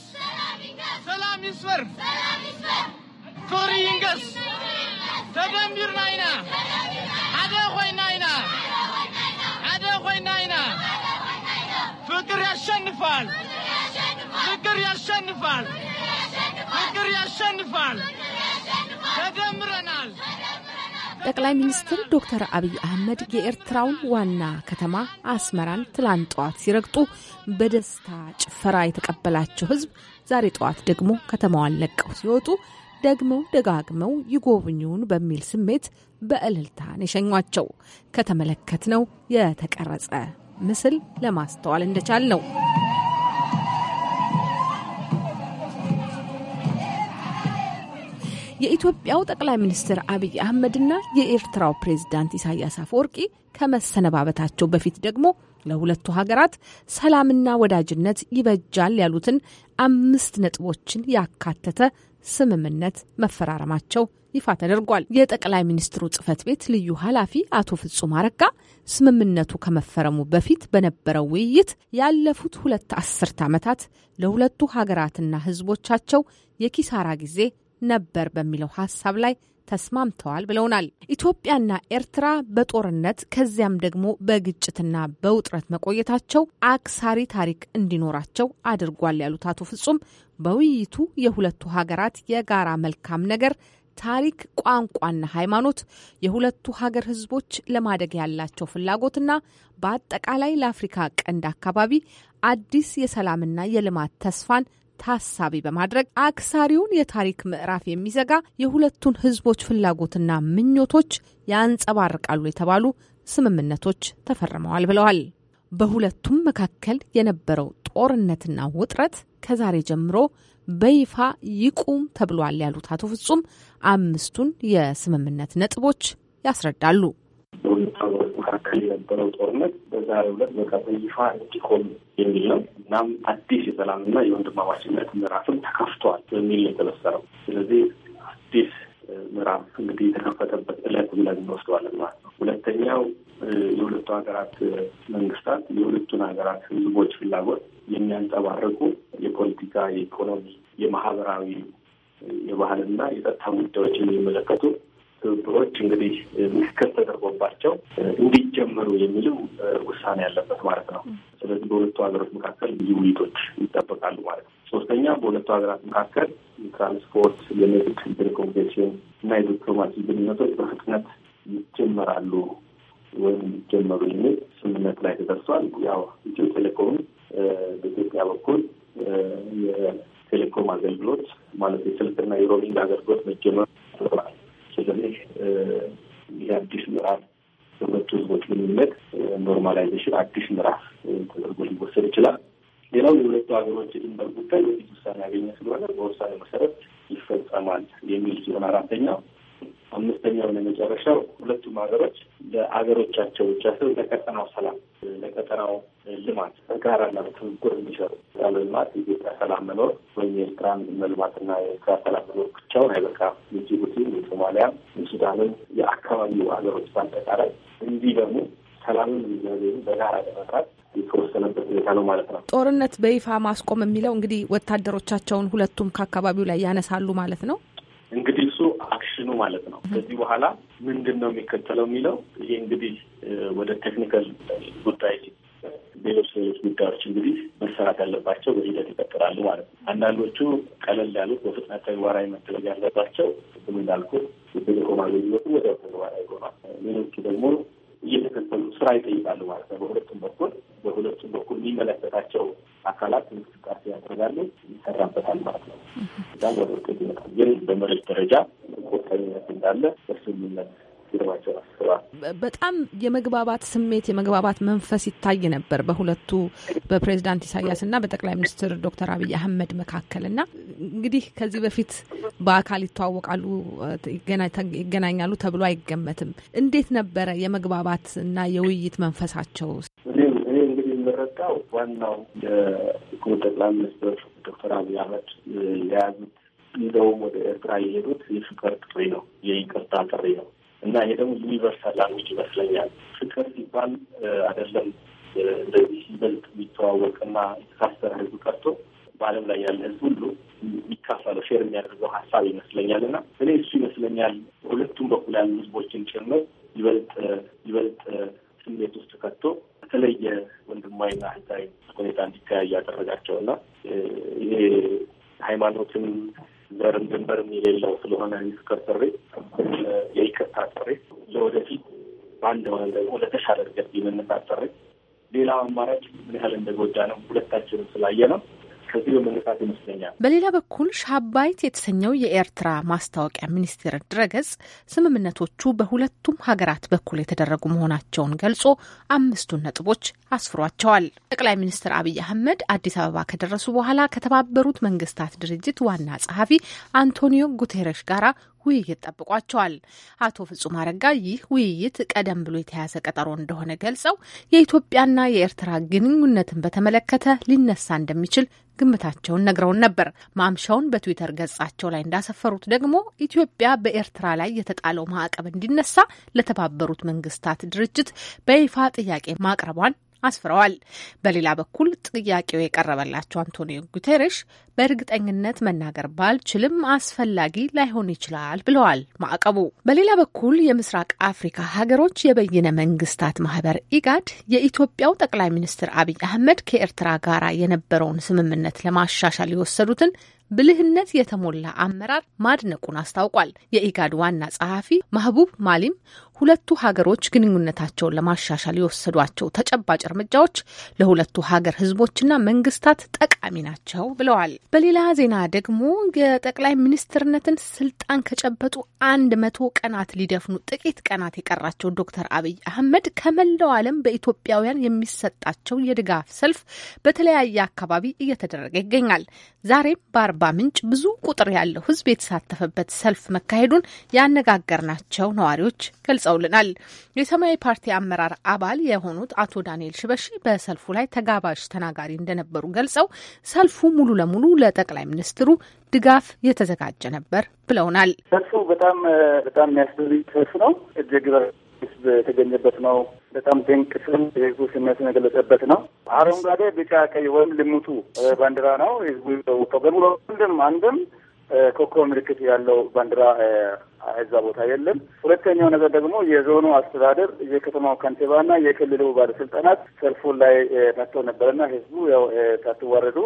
ሰላም ይስፈር፣ ፍቅሪ ይንገስ። ተደምቢርና ኢና ሓደ ኮይና ኢና ሓደ ኮይና ኢና ፍቅር ያሸንፋል፣ ፍቅር ያሸንፋል፣ ፍቅር ያሸንፋል። ተደምረናል ጠቅላይ ሚኒስትር ዶክተር አብይ አህመድ የኤርትራውን ዋና ከተማ አስመራን ትላንት ጠዋት ሲረግጡ በደስታ ጭፈራ የተቀበላቸው ሕዝብ ዛሬ ጠዋት ደግሞ ከተማዋን ለቀው ሲወጡ ደግመው ደጋግመው ይጎብኙን በሚል ስሜት በእልልታን የሸኟቸው ከተመለከትነው የተቀረጸ ምስል ለማስተዋል እንደቻል ነው። የኢትዮጵያው ጠቅላይ ሚኒስትር አብይ አህመድና የኤርትራው ፕሬዝዳንት ኢሳያስ አፈወርቂ ከመሰነባበታቸው በፊት ደግሞ ለሁለቱ ሀገራት ሰላምና ወዳጅነት ይበጃል ያሉትን አምስት ነጥቦችን ያካተተ ስምምነት መፈራረማቸው ይፋ ተደርጓል። የጠቅላይ ሚኒስትሩ ጽህፈት ቤት ልዩ ኃላፊ አቶ ፍጹም አረጋ ስምምነቱ ከመፈረሙ በፊት በነበረው ውይይት ያለፉት ሁለት አስርት ዓመታት ለሁለቱ ሀገራትና ህዝቦቻቸው የኪሳራ ጊዜ ነበር በሚለው ሀሳብ ላይ ተስማምተዋል ብለውናል። ኢትዮጵያና ኤርትራ በጦርነት ከዚያም ደግሞ በግጭትና በውጥረት መቆየታቸው አክሳሪ ታሪክ እንዲኖራቸው አድርጓል ያሉት አቶ ፍጹም በውይይቱ የሁለቱ ሀገራት የጋራ መልካም ነገር ታሪክ፣ ቋንቋና ሃይማኖት የሁለቱ ሀገር ህዝቦች ለማደግ ያላቸው ፍላጎትና በአጠቃላይ ለአፍሪካ ቀንድ አካባቢ አዲስ የሰላምና የልማት ተስፋን ታሳቢ በማድረግ አክሳሪውን የታሪክ ምዕራፍ የሚዘጋ የሁለቱን ህዝቦች ፍላጎትና ምኞቶች ያንጸባርቃሉ የተባሉ ስምምነቶች ተፈርመዋል ብለዋል። በሁለቱም መካከል የነበረው ጦርነትና ውጥረት ከዛሬ ጀምሮ በይፋ ይቁም ተብሏል ያሉት አቶ ፍጹም አምስቱን የስምምነት ነጥቦች ያስረዳሉ። መካከል የነበረው ጦርነት በዛሬው ዕለት በቃ በይፋ እንዲቆም የሚል ነው። እናም አዲስ የሰላምና የወንድማማችነት ምዕራፍም ተከፍቷል በሚል የተመሰረው የተበሰረው። ስለዚህ አዲስ ምዕራፍ እንግዲህ የተከፈተበት ዕለት ብለን እንወስደዋለን ማለት ነው። ሁለተኛው የሁለቱ ሀገራት መንግስታት የሁለቱን ሀገራት ህዝቦች ፍላጎት የሚያንጸባርቁ የፖለቲካ፣ የኢኮኖሚ፣ የማህበራዊ፣ የባህልና የጸጥታ ጉዳዮችን የሚመለከቱ ትብብሮች እንግዲህ ምክክር ተደርጎባቸው እንዲጀመሩ የሚልም ውሳኔ ያለበት ማለት ነው። ስለዚህ በሁለቱ ሀገሮች መካከል ብዙ ውይይቶች ይጠበቃሉ ማለት ነው። ሶስተኛ በሁለቱ ሀገራት መካከል የትራንስፖርት፣ የንግድ፣ ቴሌኮሙኒኬሽን እና የዲፕሎማሲ ግንኙነቶች በፍጥነት ይጀመራሉ ወይም ይጀመሩ የሚል ስምምነት ላይ ተደርሷል። ያው ኢትዮ ቴሌኮም በኢትዮጵያ በኩል የቴሌኮም አገልግሎት ማለት የስልክና የሮሚንግ አገልግሎት መጀመር ስለዚህ የአዲስ አዲስ ምዕራፍ በሁለቱ ህዝቦች ግንኙነት ኖርማላይዜሽን አዲስ ምዕራፍ ተደርጎ ሊወሰድ ይችላል። ሌላው የሁለቱ ሀገሮች የድንበር ጉዳይ የፊት ውሳኔ ያገኘ ስለሆነ በውሳኔ መሰረት ይፈጸማል የሚል ሲሆን አራተኛው አምስተኛው ነው የመጨረሻው ሁለቱም ሀገሮች ለአገሮቻቸው ብቻ ስል ለቀጠናው ሰላም፣ ለቀጠናው ልማት ና ትብብር እንዲሰሩ ያለ ልማት የኢትዮጵያ ሰላም መኖር ወይም የኤርትራን መልማትና የኤርትራ ሰላም መኖር ብቻውን አይበቃም። የጅቡቲ፣ የሶማሊያም፣ የሱዳንም የአካባቢው ሀገሮች በአጠቃላይ እንዲህ ደግሞ ሰላምን የሚያገኙ በጋራ ለመስራት የተወሰነበት ሁኔታ ነው ማለት ነው። ጦርነት በይፋ ማስቆም የሚለው እንግዲህ ወታደሮቻቸውን ሁለቱም ከአካባቢው ላይ ያነሳሉ ማለት ነው። ዲስከሽኑ ማለት ነው። ከዚህ በኋላ ምንድን ነው የሚከተለው የሚለው ይሄ እንግዲህ ወደ ቴክኒካል ጉዳይ ሌሎች ሌሎች ጉዳዮች እንግዲህ መሰራት ያለባቸው በሂደት ይቀጥላሉ ማለት ነው። አንዳንዶቹ ቀለል ያሉት በፍጥነት ተግባራዊ መደረግ ያለባቸው ቅድም እንዳልኩት የቴሌኮም አገልግሎቱ ወደ ተግባራዊ ይሆናል። ሌሎቹ ደግሞ እየተከተሉ ስራ ይጠይቃሉ ማለት ነው። በሁለቱም በኩል በሁለቱም በኩል የሚመለከታቸው አካላት እንቅስቃሴ ያደርጋሉ፣ ይሰራበታል ማለት ነው። እዛም ወደ ውጤት ይመጣል። ግን በመሬት ደረጃ ቁርጠኝነት እንዳለ እርሱ የሚመለስ ፊልማቸውን አስባል በጣም የመግባባት ስሜት የመግባባት መንፈስ ይታይ ነበር በሁለቱ በፕሬዚዳንት ኢሳያስ እና በጠቅላይ ሚኒስትር ዶክተር አብይ አህመድ መካከል እና እንግዲህ ከዚህ በፊት በአካል ይተዋወቃሉ ይገናኛሉ ተብሎ አይገመትም። እንዴት ነበረ የመግባባት እና የውይይት መንፈሳቸው? እኔ እንግዲህ ዋናው የክቡር ጠቅላይ ሚኒስትር ዶክተር አብይ አህመድ የያዙት ይዘውም ወደ ኤርትራ የሄዱት የፍቅር ጥሪ ነው፣ የይቅርታ ጥሪ ነው። እና ይሄ ደግሞ ዩኒቨርሳል ላንጉጅ ይመስለኛል። ፍቅር ሲባል አይደለም እንደዚህ ይበልጥ የሚተዋወቅና የተሳሰረ ህዝብ ቀርቶ በዓለም ላይ ያለ ህዝብ ሁሉ የሚካፈለው ሼር የሚያደርገው ሀሳብ ይመስለኛል እና እኔ እሱ ይመስለኛል ሁለቱም በኩል ያሉ ህዝቦችን ጭምር ይበልጥ ይበልጥ ስሜት ውስጥ ከቶ በተለየ ወንድማዊና ህታዊ ሁኔታ እንዲተያይ ያደረጋቸው እና ይሄ ሃይማኖትን ዘርም ድንበርም የሌለው ስለሆነ የፍቅር ጥሪ፣ የይቅርታ ጥሪ ለወደፊት በአንድ ሆነ ደግሞ ለተሻለ እድገት የመነሳት ጥሪ ሌላው አማራጭ ምን ያህል እንደጎዳ ነው ሁለታችንም ስላየ ነው ከዚህ በመነሳት ይመስለኛል። በሌላ በኩል ሻባይት የተሰኘው የኤርትራ ማስታወቂያ ሚኒስቴር ድረገጽ ስምምነቶቹ በሁለቱም ሀገራት በኩል የተደረጉ መሆናቸውን ገልጾ አምስቱን ነጥቦች አስፍሯቸዋል። ጠቅላይ ሚኒስትር አብይ አህመድ አዲስ አበባ ከደረሱ በኋላ ከተባበሩት መንግስታት ድርጅት ዋና ጸሐፊ አንቶኒዮ ጉቴሬሽ ጋራ ውይይት ጠብቋቸዋል። አቶ ፍጹም አረጋ ይህ ውይይት ቀደም ብሎ የተያዘ ቀጠሮ እንደሆነ ገልጸው የኢትዮጵያና የኤርትራ ግንኙነትን በተመለከተ ሊነሳ እንደሚችል ግምታቸውን ነግረውን ነበር። ማምሻውን በትዊተር ገጻቸው ላይ እንዳሰፈሩት ደግሞ ኢትዮጵያ በኤርትራ ላይ የተጣለው ማዕቀብ እንዲነሳ ለተባበሩት መንግስታት ድርጅት በይፋ ጥያቄ ማቅረቧን አስፍረዋል። በሌላ በኩል ጥያቄው የቀረበላቸው አንቶኒዮ ጉቴሬሽ በእርግጠኝነት መናገር ባልችልም አስፈላጊ ላይሆን ይችላል ብለዋል። ማዕቀቡ በሌላ በኩል የምስራቅ አፍሪካ ሀገሮች የበይነ መንግስታት ማህበር ኢጋድ የኢትዮጵያው ጠቅላይ ሚኒስትር አብይ አህመድ ከኤርትራ ጋር የነበረውን ስምምነት ለማሻሻል የወሰዱትን ብልህነት የተሞላ አመራር ማድነቁን አስታውቋል። የኢጋድ ዋና ጸሐፊ ማህቡብ ማሊም ሁለቱ ሀገሮች ግንኙነታቸውን ለማሻሻል የወሰዷቸው ተጨባጭ እርምጃዎች ለሁለቱ ሀገር ህዝቦችና መንግስታት ጠቃሚ ናቸው ብለዋል። በሌላ ዜና ደግሞ የጠቅላይ ሚኒስትርነትን ስልጣን ከጨበጡ አንድ መቶ ቀናት ሊደፍኑ ጥቂት ቀናት የቀራቸው ዶክተር አብይ አህመድ ከመላው ዓለም በኢትዮጵያውያን የሚሰጣቸው የድጋፍ ሰልፍ በተለያየ አካባቢ እየተደረገ ይገኛል። ዛሬም በአርባ ምንጭ ብዙ ቁጥር ያለው ህዝብ የተሳተፈበት ሰልፍ መካሄዱን ያነጋገርናቸው ነዋሪዎች ገልጸዋል። ገልጸውልናል። የሰማያዊ ፓርቲ አመራር አባል የሆኑት አቶ ዳንኤል ሽበሺ በሰልፉ ላይ ተጋባዥ ተናጋሪ እንደነበሩ ገልጸው ሰልፉ ሙሉ ለሙሉ ለጠቅላይ ሚኒስትሩ ድጋፍ የተዘጋጀ ነበር ብለውናል። ሰልፉ በጣም በጣም የሚያስደዝግ ሰልፍ ነው። እጅግ ህዝብ የተገኘበት ነው። በጣም ድንቅ ስም የህዝቡ ስሜት የገለጸበት ነው። አረንጓዴ፣ ቢጫ፣ ቀይ ወይም ልሙጡ ባንዲራ ነው ህዝቡ ወቀበሉ አንድም አንድም ኮከብ ምልክት ያለው ባንዲራ እዛ ቦታ የለም። ሁለተኛው ነገር ደግሞ የዞኑ አስተዳደር የከተማው ከንቲባና የክልሉ ባለስልጣናት ሰልፉን ላይ መጥተው ነበረና ህዝቡ ያው ታትዋረዱ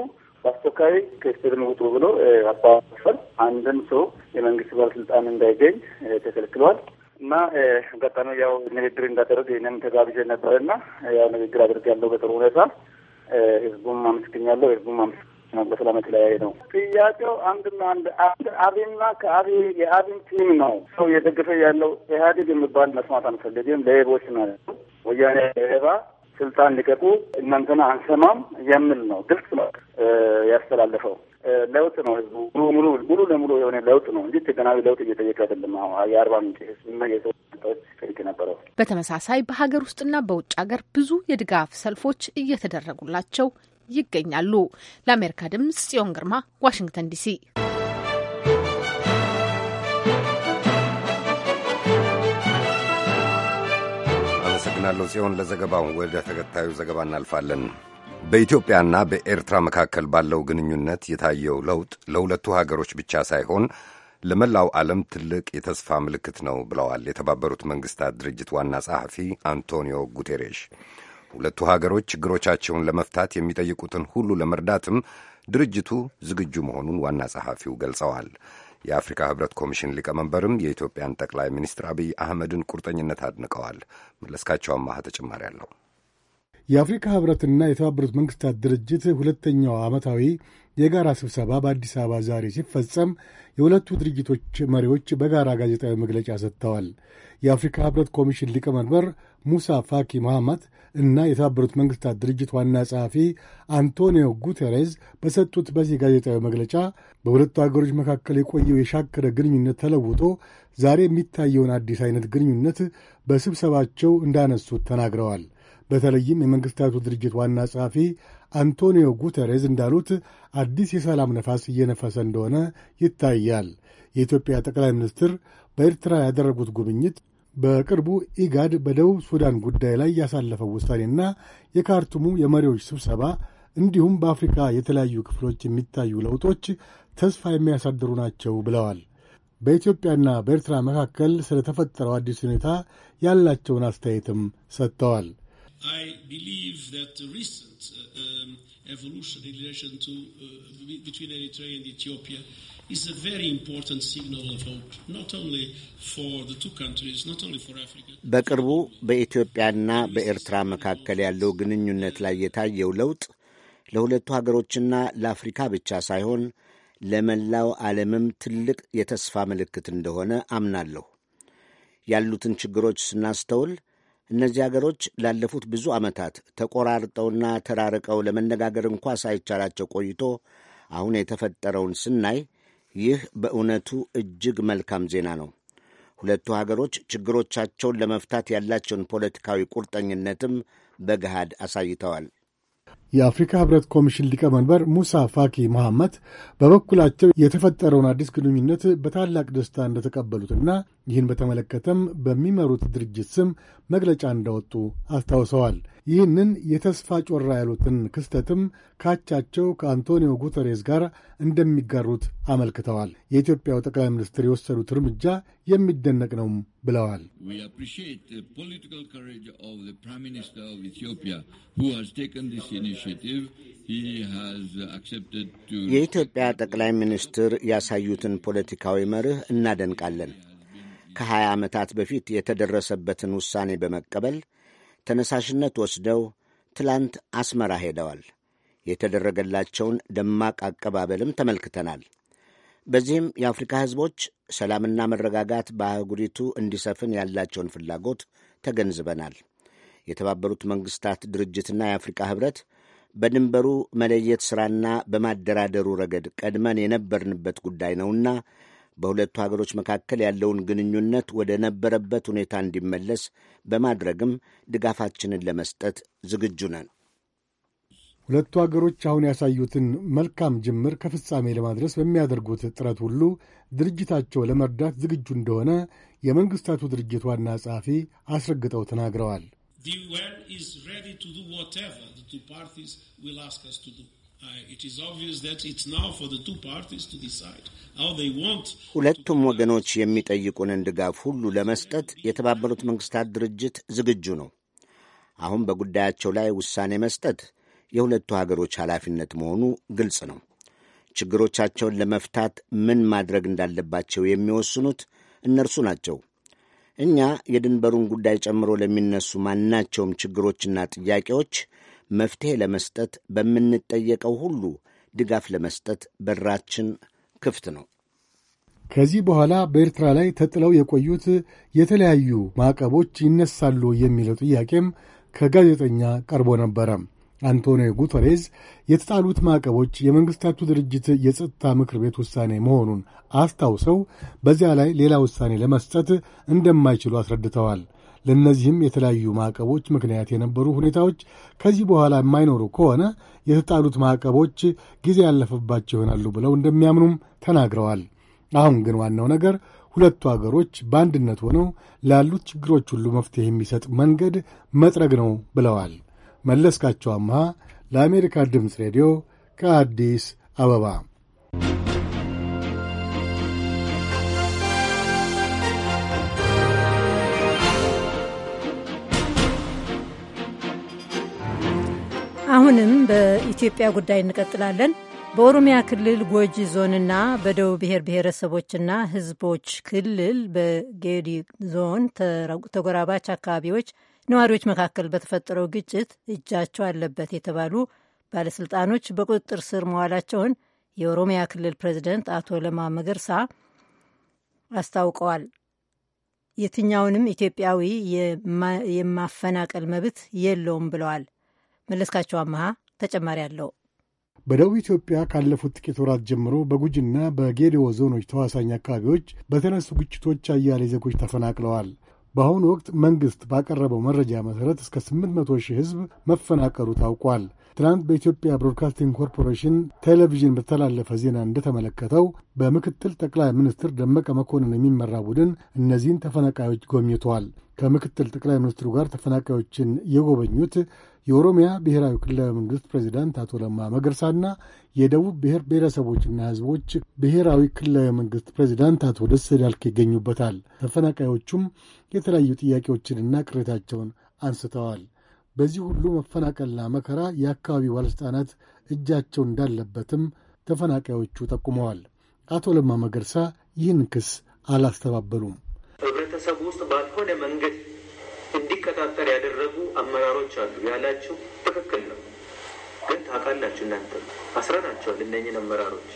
በአስቸኳይ ከስቴዲየም ውጡ ብሎ አባፈል አንድም ሰው የመንግስት ባለስልጣን እንዳይገኝ ተከልክሏል። እና አጋጣሚ ያው ንግግር እንዳደረግ ይህንም ተጋብዤ ነበረና ያው ንግግር አድርግ ያለው በጥሩ ሁኔታ ህዝቡም አመስግኛለሁ። ህዝቡም አመስ ነበር ስለመተለያየ ነው ጥያቄው። አንድና አንድ አንድ አብይና ከአብይ የአብይ ቲም ነው ሰው እየደገፈ ያለው ኢህአዴግ የሚባል መስማት አንፈልግም። ሌቦች ነው ወያኔ ሌባ ስልጣን ሊቀቁ እናንተን አንሰማም የሚል ነው። ግልጽ ነው ያስተላለፈው። ለውጥ ነው ህዝቡ ሙሉ ሙሉ ሙሉ ለሙሉ የሆነ ለውጥ ነው እንጂ ትገናዊ ለውጥ እየጠየቀ አይደለም። የአርባ ምንጭ ህዝብና የሰው ነበረው። በተመሳሳይ በሀገር ውስጥና በውጭ ሀገር ብዙ የድጋፍ ሰልፎች እየተደረጉላቸው ይገኛሉ። ለአሜሪካ ድምጽ ጽዮን ግርማ ዋሽንግተን ዲሲ። አመሰግናለሁ ጽዮን ለዘገባው። ወደ ተከታዩ ዘገባ እናልፋለን። በኢትዮጵያና በኤርትራ መካከል ባለው ግንኙነት የታየው ለውጥ ለሁለቱ ሀገሮች ብቻ ሳይሆን ለመላው ዓለም ትልቅ የተስፋ ምልክት ነው ብለዋል የተባበሩት መንግስታት ድርጅት ዋና ጸሐፊ አንቶኒዮ ጉቴሬሽ። ሁለቱ ሀገሮች ችግሮቻቸውን ለመፍታት የሚጠይቁትን ሁሉ ለመርዳትም ድርጅቱ ዝግጁ መሆኑን ዋና ጸሐፊው ገልጸዋል። የአፍሪካ ህብረት ኮሚሽን ሊቀመንበርም የኢትዮጵያን ጠቅላይ ሚኒስትር አብይ አህመድን ቁርጠኝነት አድንቀዋል። መለስካቸው አማሃ ተጨማሪ አለው። የአፍሪካ ህብረትና የተባበሩት መንግስታት ድርጅት ሁለተኛው ዓመታዊ የጋራ ስብሰባ በአዲስ አበባ ዛሬ ሲፈጸም የሁለቱ ድርጅቶች መሪዎች በጋራ ጋዜጣዊ መግለጫ ሰጥተዋል። የአፍሪካ ህብረት ኮሚሽን ሊቀመንበር ሙሳ ፋኪ መሐማት እና የተባበሩት መንግስታት ድርጅት ዋና ጸሐፊ አንቶኒዮ ጉቴሬዝ በሰጡት በዚህ ጋዜጣዊ መግለጫ በሁለቱ አገሮች መካከል የቆየው የሻከረ ግንኙነት ተለውጦ ዛሬ የሚታየውን አዲስ አይነት ግንኙነት በስብሰባቸው እንዳነሱት ተናግረዋል። በተለይም የመንግስታቱ ድርጅት ዋና ጸሐፊ አንቶኒዮ ጉተሬዝ እንዳሉት አዲስ የሰላም ነፋስ እየነፈሰ እንደሆነ ይታያል። የኢትዮጵያ ጠቅላይ ሚኒስትር በኤርትራ ያደረጉት ጉብኝት በቅርቡ ኢጋድ በደቡብ ሱዳን ጉዳይ ላይ ያሳለፈው ውሳኔና የካርቱሙ የመሪዎች ስብሰባ እንዲሁም በአፍሪካ የተለያዩ ክፍሎች የሚታዩ ለውጦች ተስፋ የሚያሳድሩ ናቸው ብለዋል። በኢትዮጵያና በኤርትራ መካከል ስለተፈጠረው አዲስ ሁኔታ ያላቸውን አስተያየትም ሰጥተዋል። I believe that the recent uh, um, evolution in relation to uh, between Eritrea and Ethiopia is a very important signal of hope, not only for the two countries, not only for Africa. በቅርቡ በኢትዮጵያና በኤርትራ መካከል ያለው ግንኙነት ላይ የታየው ለውጥ ለሁለቱ ሀገሮችና ለአፍሪካ ብቻ ሳይሆን ለመላው ዓለምም ትልቅ የተስፋ ምልክት እንደሆነ አምናለሁ። ያሉትን ችግሮች ስናስተውል እነዚህ አገሮች ላለፉት ብዙ ዓመታት ተቆራርጠውና ተራርቀው ለመነጋገር እንኳ ሳይቻላቸው ቆይቶ አሁን የተፈጠረውን ስናይ ይህ በእውነቱ እጅግ መልካም ዜና ነው። ሁለቱ ሀገሮች ችግሮቻቸውን ለመፍታት ያላቸውን ፖለቲካዊ ቁርጠኝነትም በገሃድ አሳይተዋል። የአፍሪካ ህብረት ኮሚሽን ሊቀመንበር ሙሳ ፋኪ መሐመት በበኩላቸው የተፈጠረውን አዲስ ግንኙነት በታላቅ ደስታ እንደተቀበሉትና ይህን በተመለከተም በሚመሩት ድርጅት ስም መግለጫ እንዳወጡ አስታውሰዋል። ይህንን የተስፋ ጮራ ያሉትን ክስተትም ካቻቸው ከአንቶኒዮ ጉተሬስ ጋር እንደሚጋሩት አመልክተዋል። የኢትዮጵያው ጠቅላይ ሚኒስትር የወሰዱት እርምጃ የሚደነቅ ነው ብለዋል። የኢትዮጵያ ጠቅላይ ሚኒስትር ያሳዩትን ፖለቲካዊ መርህ እናደንቃለን። ከ20 ዓመታት በፊት የተደረሰበትን ውሳኔ በመቀበል ተነሳሽነት ወስደው ትላንት አስመራ ሄደዋል። የተደረገላቸውን ደማቅ አቀባበልም ተመልክተናል። በዚህም የአፍሪካ ሕዝቦች ሰላምና መረጋጋት በአህጉሪቱ እንዲሰፍን ያላቸውን ፍላጎት ተገንዝበናል። የተባበሩት መንግሥታት ድርጅትና የአፍሪካ ኅብረት በድንበሩ መለየት ሥራና በማደራደሩ ረገድ ቀድመን የነበርንበት ጉዳይ ነውና በሁለቱ ሀገሮች መካከል ያለውን ግንኙነት ወደ ነበረበት ሁኔታ እንዲመለስ በማድረግም ድጋፋችንን ለመስጠት ዝግጁ ነን። ሁለቱ ሀገሮች አሁን ያሳዩትን መልካም ጅምር ከፍጻሜ ለማድረስ በሚያደርጉት ጥረት ሁሉ ድርጅታቸው ለመርዳት ዝግጁ እንደሆነ የመንግሥታቱ ድርጅት ዋና ጸሐፊ አስረግጠው ተናግረዋል። Uh, ሁለቱም ወገኖች የሚጠይቁንን ድጋፍ ሁሉ ለመስጠት የተባበሩት መንግስታት ድርጅት ዝግጁ ነው። አሁን በጉዳያቸው ላይ ውሳኔ መስጠት የሁለቱ ሀገሮች ኃላፊነት መሆኑ ግልጽ ነው። ችግሮቻቸውን ለመፍታት ምን ማድረግ እንዳለባቸው የሚወስኑት እነርሱ ናቸው። እኛ የድንበሩን ጉዳይ ጨምሮ ለሚነሱ ማናቸውም ችግሮችና ጥያቄዎች መፍትሔ ለመስጠት በምንጠየቀው ሁሉ ድጋፍ ለመስጠት በራችን ክፍት ነው። ከዚህ በኋላ በኤርትራ ላይ ተጥለው የቆዩት የተለያዩ ማዕቀቦች ይነሳሉ የሚለው ጥያቄም ከጋዜጠኛ ቀርቦ ነበረ። አንቶኒዮ ጉተሬዝ የተጣሉት ማዕቀቦች የመንግሥታቱ ድርጅት የጸጥታ ምክር ቤት ውሳኔ መሆኑን አስታውሰው በዚያ ላይ ሌላ ውሳኔ ለመስጠት እንደማይችሉ አስረድተዋል። ለእነዚህም የተለያዩ ማዕቀቦች ምክንያት የነበሩ ሁኔታዎች ከዚህ በኋላ የማይኖሩ ከሆነ የተጣሉት ማዕቀቦች ጊዜ ያለፈባቸው ይሆናሉ ብለው እንደሚያምኑም ተናግረዋል። አሁን ግን ዋናው ነገር ሁለቱ አገሮች በአንድነት ሆነው ላሉት ችግሮች ሁሉ መፍትሄ የሚሰጥ መንገድ መጥረግ ነው ብለዋል። መለስካቸው አምሃ ለአሜሪካ ድምፅ ሬዲዮ ከአዲስ አበባ አሁንም በኢትዮጵያ ጉዳይ እንቀጥላለን። በኦሮሚያ ክልል ጎጂ ዞንና በደቡብ ብሔር ብሔረሰቦችና ሕዝቦች ክልል በጌዲ ዞን ተጎራባች አካባቢዎች ነዋሪዎች መካከል በተፈጠረው ግጭት እጃቸው አለበት የተባሉ ባለስልጣኖች በቁጥጥር ስር መዋላቸውን የኦሮሚያ ክልል ፕሬዚደንት አቶ ለማ መገርሳ አስታውቀዋል። የትኛውንም ኢትዮጵያዊ የማፈናቀል መብት የለውም ብለዋል። መለስካቸው አመሃ ተጨማሪ አለው። በደቡብ ኢትዮጵያ ካለፉት ጥቂት ወራት ጀምሮ በጉጂና በጌዲዎ ዞኖች ተዋሳኝ አካባቢዎች በተነሱ ግጭቶች አያሌ ዜጎች ተፈናቅለዋል። በአሁኑ ወቅት መንግሥት ባቀረበው መረጃ መሠረት እስከ 800 ሺህ ሕዝብ መፈናቀሉ ታውቋል። ትናንት በኢትዮጵያ ብሮድካስቲንግ ኮርፖሬሽን ቴሌቪዥን በተላለፈ ዜና እንደተመለከተው በምክትል ጠቅላይ ሚኒስትር ደመቀ መኮንን የሚመራ ቡድን እነዚህን ተፈናቃዮች ጎብኝተዋል። ከምክትል ጠቅላይ ሚኒስትሩ ጋር ተፈናቃዮችን የጎበኙት የኦሮሚያ ብሔራዊ ክልላዊ መንግሥት ፕሬዚዳንት አቶ ለማ መገርሳና የደቡብ ብሔር ብሔረሰቦችና ሕዝቦች ብሔራዊ ክልላዊ መንግሥት ፕሬዚዳንት አቶ ደስ ዳልክ ይገኙበታል። ተፈናቃዮቹም የተለያዩ ጥያቄዎችንና ቅሬታቸውን አንስተዋል። በዚህ ሁሉ መፈናቀልና መከራ የአካባቢው ባለሥልጣናት እጃቸው እንዳለበትም ተፈናቃዮቹ ጠቁመዋል። አቶ ለማ መገርሳ ይህን ክስ አላስተባበሉም። ህብረተሰቡ ውስጥ ባልሆነ መንገድ እንዲቀጣጠር ያደረጉ አመራሮች አሉ ያላችሁ ትክክል ነው። ግን ታውቃላችሁ፣ እናንተ አስረናቸዋል። እነኝን አመራሮች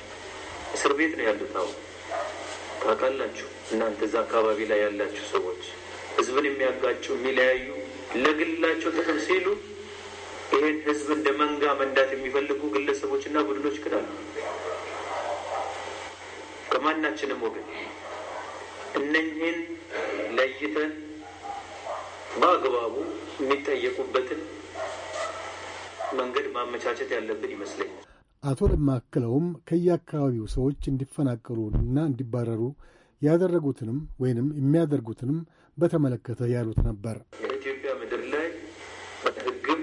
እስር ቤት ነው ያሉት። አሁን ታውቃላችሁ እናንተ እዛ አካባቢ ላይ ያላችሁ ሰዎች ህዝብን የሚያጋጩ የሚለያዩ ለግላቸው ጥቅም ሲሉ ይህን ህዝብ እንደ መንጋ መንዳት የሚፈልጉ ግለሰቦችና ቡድኖች ክዳሉ ከማናችንም ወገን እነኝህን ለይተን በአግባቡ የሚጠየቁበትን መንገድ ማመቻቸት ያለብን ይመስለኛል። አቶ ለማ አክለውም ከየአካባቢው ሰዎች እንዲፈናቀሉ እና እንዲባረሩ ያደረጉትንም ወይንም የሚያደርጉትንም በተመለከተ ያሉት ነበር። ህግም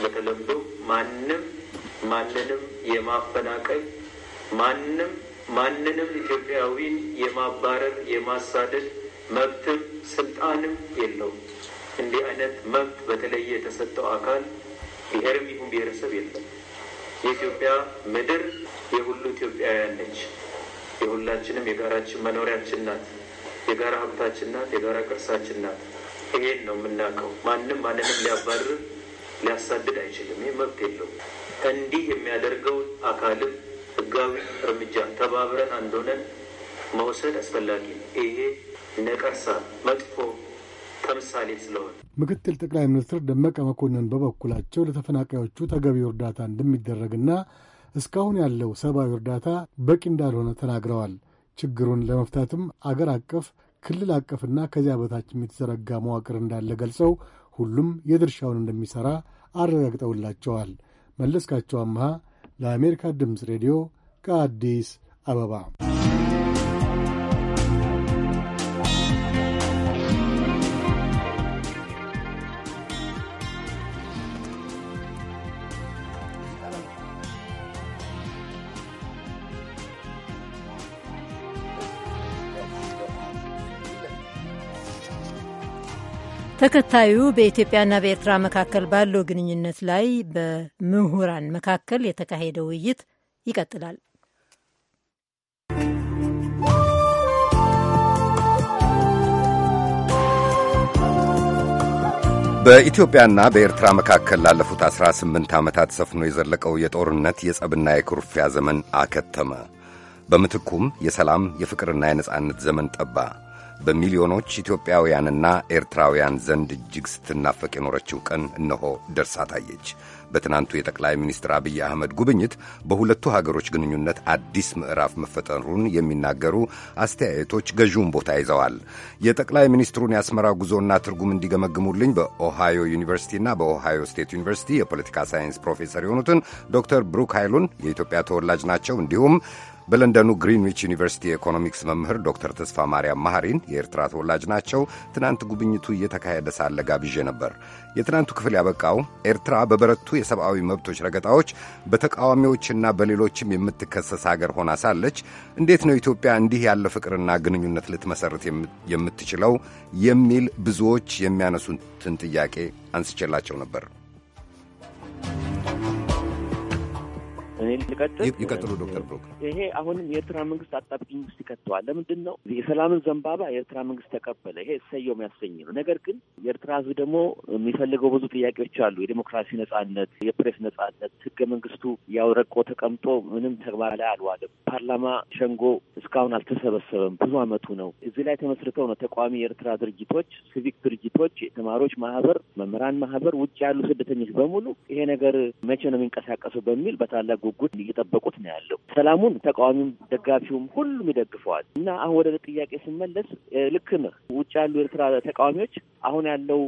በተለምዶ ማንም ማንንም የማፈናቀል ማንም ማንንም ኢትዮጵያዊን የማባረር የማሳደድ መብትም ስልጣንም የለውም። እንዲህ አይነት መብት በተለየ የተሰጠው አካል ብሔርም ይሁን ብሔረሰብ የለም። የኢትዮጵያ ምድር የሁሉ ኢትዮጵያውያን ነች። የሁላችንም የጋራችን መኖሪያችን ናት። የጋራ ሀብታችን ናት። የጋራ ቅርሳችን ናት። ይሄን ነው የምናውቀው። ማንም ማንንም ሊያባርር ሊያሳድድ አይችልም። ይህ መብት የለውም። እንዲህ የሚያደርገው አካልም ህጋዊ እርምጃ ተባብረን አንድ ሆነን መውሰድ አስፈላጊ ነው። ይሄ ነቀርሳ መጥፎ ተምሳሌ ስለሆነ ምክትል ጠቅላይ ሚኒስትር ደመቀ መኮንን በበኩላቸው ለተፈናቃዮቹ ተገቢው እርዳታ እንደሚደረግና እስካሁን ያለው ሰብአዊ እርዳታ በቂ እንዳልሆነ ተናግረዋል። ችግሩን ለመፍታትም አገር አቀፍ ክልል አቀፍና ከዚያ በታችም የተዘረጋ መዋቅር እንዳለ ገልጸው ሁሉም የድርሻውን እንደሚሠራ አረጋግጠውላቸዋል። መለስካቸው አምሃ ለአሜሪካ ድምፅ ሬዲዮ ከአዲስ አበባ ተከታዩ በኢትዮጵያና በኤርትራ መካከል ባለው ግንኙነት ላይ በምሁራን መካከል የተካሄደ ውይይት ይቀጥላል። በኢትዮጵያና በኤርትራ መካከል ላለፉት 18 ዓመታት ሰፍኖ የዘለቀው የጦርነት የጸብና የኩርፊያ ዘመን አከተመ። በምትኩም የሰላም የፍቅርና የነጻነት ዘመን ጠባ። በሚሊዮኖች ኢትዮጵያውያንና ኤርትራውያን ዘንድ እጅግ ስትናፈቅ የኖረችው ቀን እነሆ ደርሳ ታየች። በትናንቱ የጠቅላይ ሚኒስትር አብይ አህመድ ጉብኝት በሁለቱ ሀገሮች ግንኙነት አዲስ ምዕራፍ መፈጠሩን የሚናገሩ አስተያየቶች ገዢውን ቦታ ይዘዋል። የጠቅላይ ሚኒስትሩን የአስመራ ጉዞና ትርጉም እንዲገመግሙልኝ በኦሃዮ ዩኒቨርሲቲና በኦሃዮ ስቴት ዩኒቨርሲቲ የፖለቲካ ሳይንስ ፕሮፌሰር የሆኑትን ዶክተር ብሩክ ኃይሉን የኢትዮጵያ ተወላጅ ናቸው እንዲሁም በለንደኑ ግሪንዊች ዩኒቨርሲቲ የኢኮኖሚክስ መምህር ዶክተር ተስፋ ማርያም ማሐሪን የኤርትራ ተወላጅ ናቸው። ትናንት ጉብኝቱ እየተካሄደ ሳለ ጋብዤ ነበር። የትናንቱ ክፍል ያበቃው ኤርትራ በበረቱ የሰብአዊ መብቶች ረገጣዎች በተቃዋሚዎችና በሌሎችም የምትከሰስ አገር ሆና ሳለች እንዴት ነው ኢትዮጵያ እንዲህ ያለ ፍቅርና ግንኙነት ልትመሰርት የምትችለው የሚል ብዙዎች የሚያነሱትን ጥያቄ አንስቼላቸው ነበር። እኔ ልቀጥል ይቀጥሉ ዶክተር ብሩክ ይሄ አሁንም የኤርትራ መንግስት አጣብቂኝ ውስጥ ይከተዋል ለምንድን ነው የሰላምን ዘንባባ የኤርትራ መንግስት ተቀበለ ይሄ እሰየው የሚያሰኝ ነው ነገር ግን የኤርትራ ህዝብ ደግሞ የሚፈልገው ብዙ ጥያቄዎች አሉ የዴሞክራሲ ነጻነት የፕሬስ ነጻነት ህገ መንግስቱ ያውረቆ ረቆ ተቀምጦ ምንም ተግባር ላይ አልዋለም ፓርላማ ሸንጎ እስካሁን አልተሰበሰበም ብዙ አመቱ ነው እዚህ ላይ ተመስርተው ነው ተቋሚ የኤርትራ ድርጅቶች ሲቪክ ድርጅቶች የተማሪዎች ማህበር መምህራን ማህበር ውጭ ያሉ ስደተኞች በሙሉ ይሄ ነገር መቼ ነው የሚንቀሳቀሱ በሚል በታላቅ በጉጉት እየጠበቁት ነው ያለው። ሰላሙን ተቃዋሚም ደጋፊውም ሁሉም ይደግፈዋል እና አሁን ወደ ጥያቄ ስመለስ ልክ ነህ። ውጭ ያሉ የኤርትራ ተቃዋሚዎች አሁን ያለው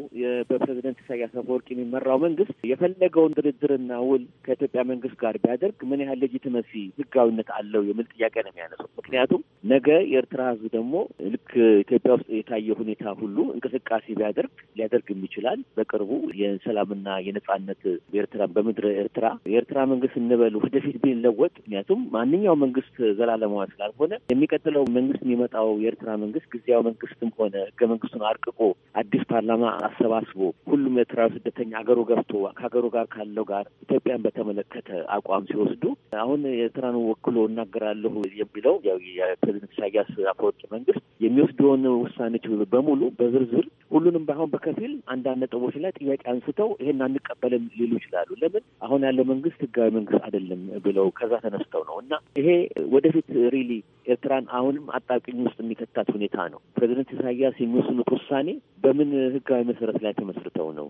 በፕሬዚደንት ኢሳያስ አፈወርቂ የሚመራው መንግስት የፈለገውን ድርድርና ውል ከኢትዮጵያ መንግስት ጋር ቢያደርግ ምን ያህል ሌጂትመሲ ህጋዊነት አለው የሚል ጥያቄ ነው የሚያነሱ። ምክንያቱም ነገ የኤርትራ ህዝብ ደግሞ ልክ ኢትዮጵያ ውስጥ የታየ ሁኔታ ሁሉ እንቅስቃሴ ቢያደርግ ሊያደርግም ይችላል። በቅርቡ የሰላምና የነጻነት ኤርትራ በምድረ ኤርትራ የኤርትራ መንግስት እንበል ወደፊት ቢለወጥ ምክንያቱም ማንኛው መንግስት ዘላለማዋ ስላልሆነ የሚቀጥለው መንግስት የሚመጣው የኤርትራ መንግስት ጊዜያዊ መንግስትም ሆነ ህገ መንግስቱን አርቅቆ አዲስ ፓርላማ አሰባስቦ ሁሉም ኤርትራዊ ስደተኛ አገሩ ገብቶ ከሀገሩ ጋር ካለው ጋር ኢትዮጵያን በተመለከተ አቋም ሲወስዱ አሁን ኤርትራን ወክሎ እናገራለሁ የሚለው የፕሬዚደንት ኢሳያስ አፈወርቂ መንግስት የሚወስደውን ውሳኔዎች በሙሉ በዝርዝር ሁሉንም ባይሆን በከፊል አንዳንድ ነጥቦች ላይ ጥያቄ አንስተው ይሄን አንቀበልም ሊሉ ይችላሉ። ለምን አሁን ያለው መንግስት ህጋዊ መንግስት አይደለም አይችልም ብለው ከዛ ተነስተው ነው እና ይሄ ወደፊት ሪሊ ኤርትራን አሁንም አጣብቂኝ ውስጥ የሚከታት ሁኔታ ነው። ፕሬዚደንት ኢሳያስ የሚወስኑት ውሳኔ በምን ህጋዊ መሰረት ላይ ተመስርተው ነው?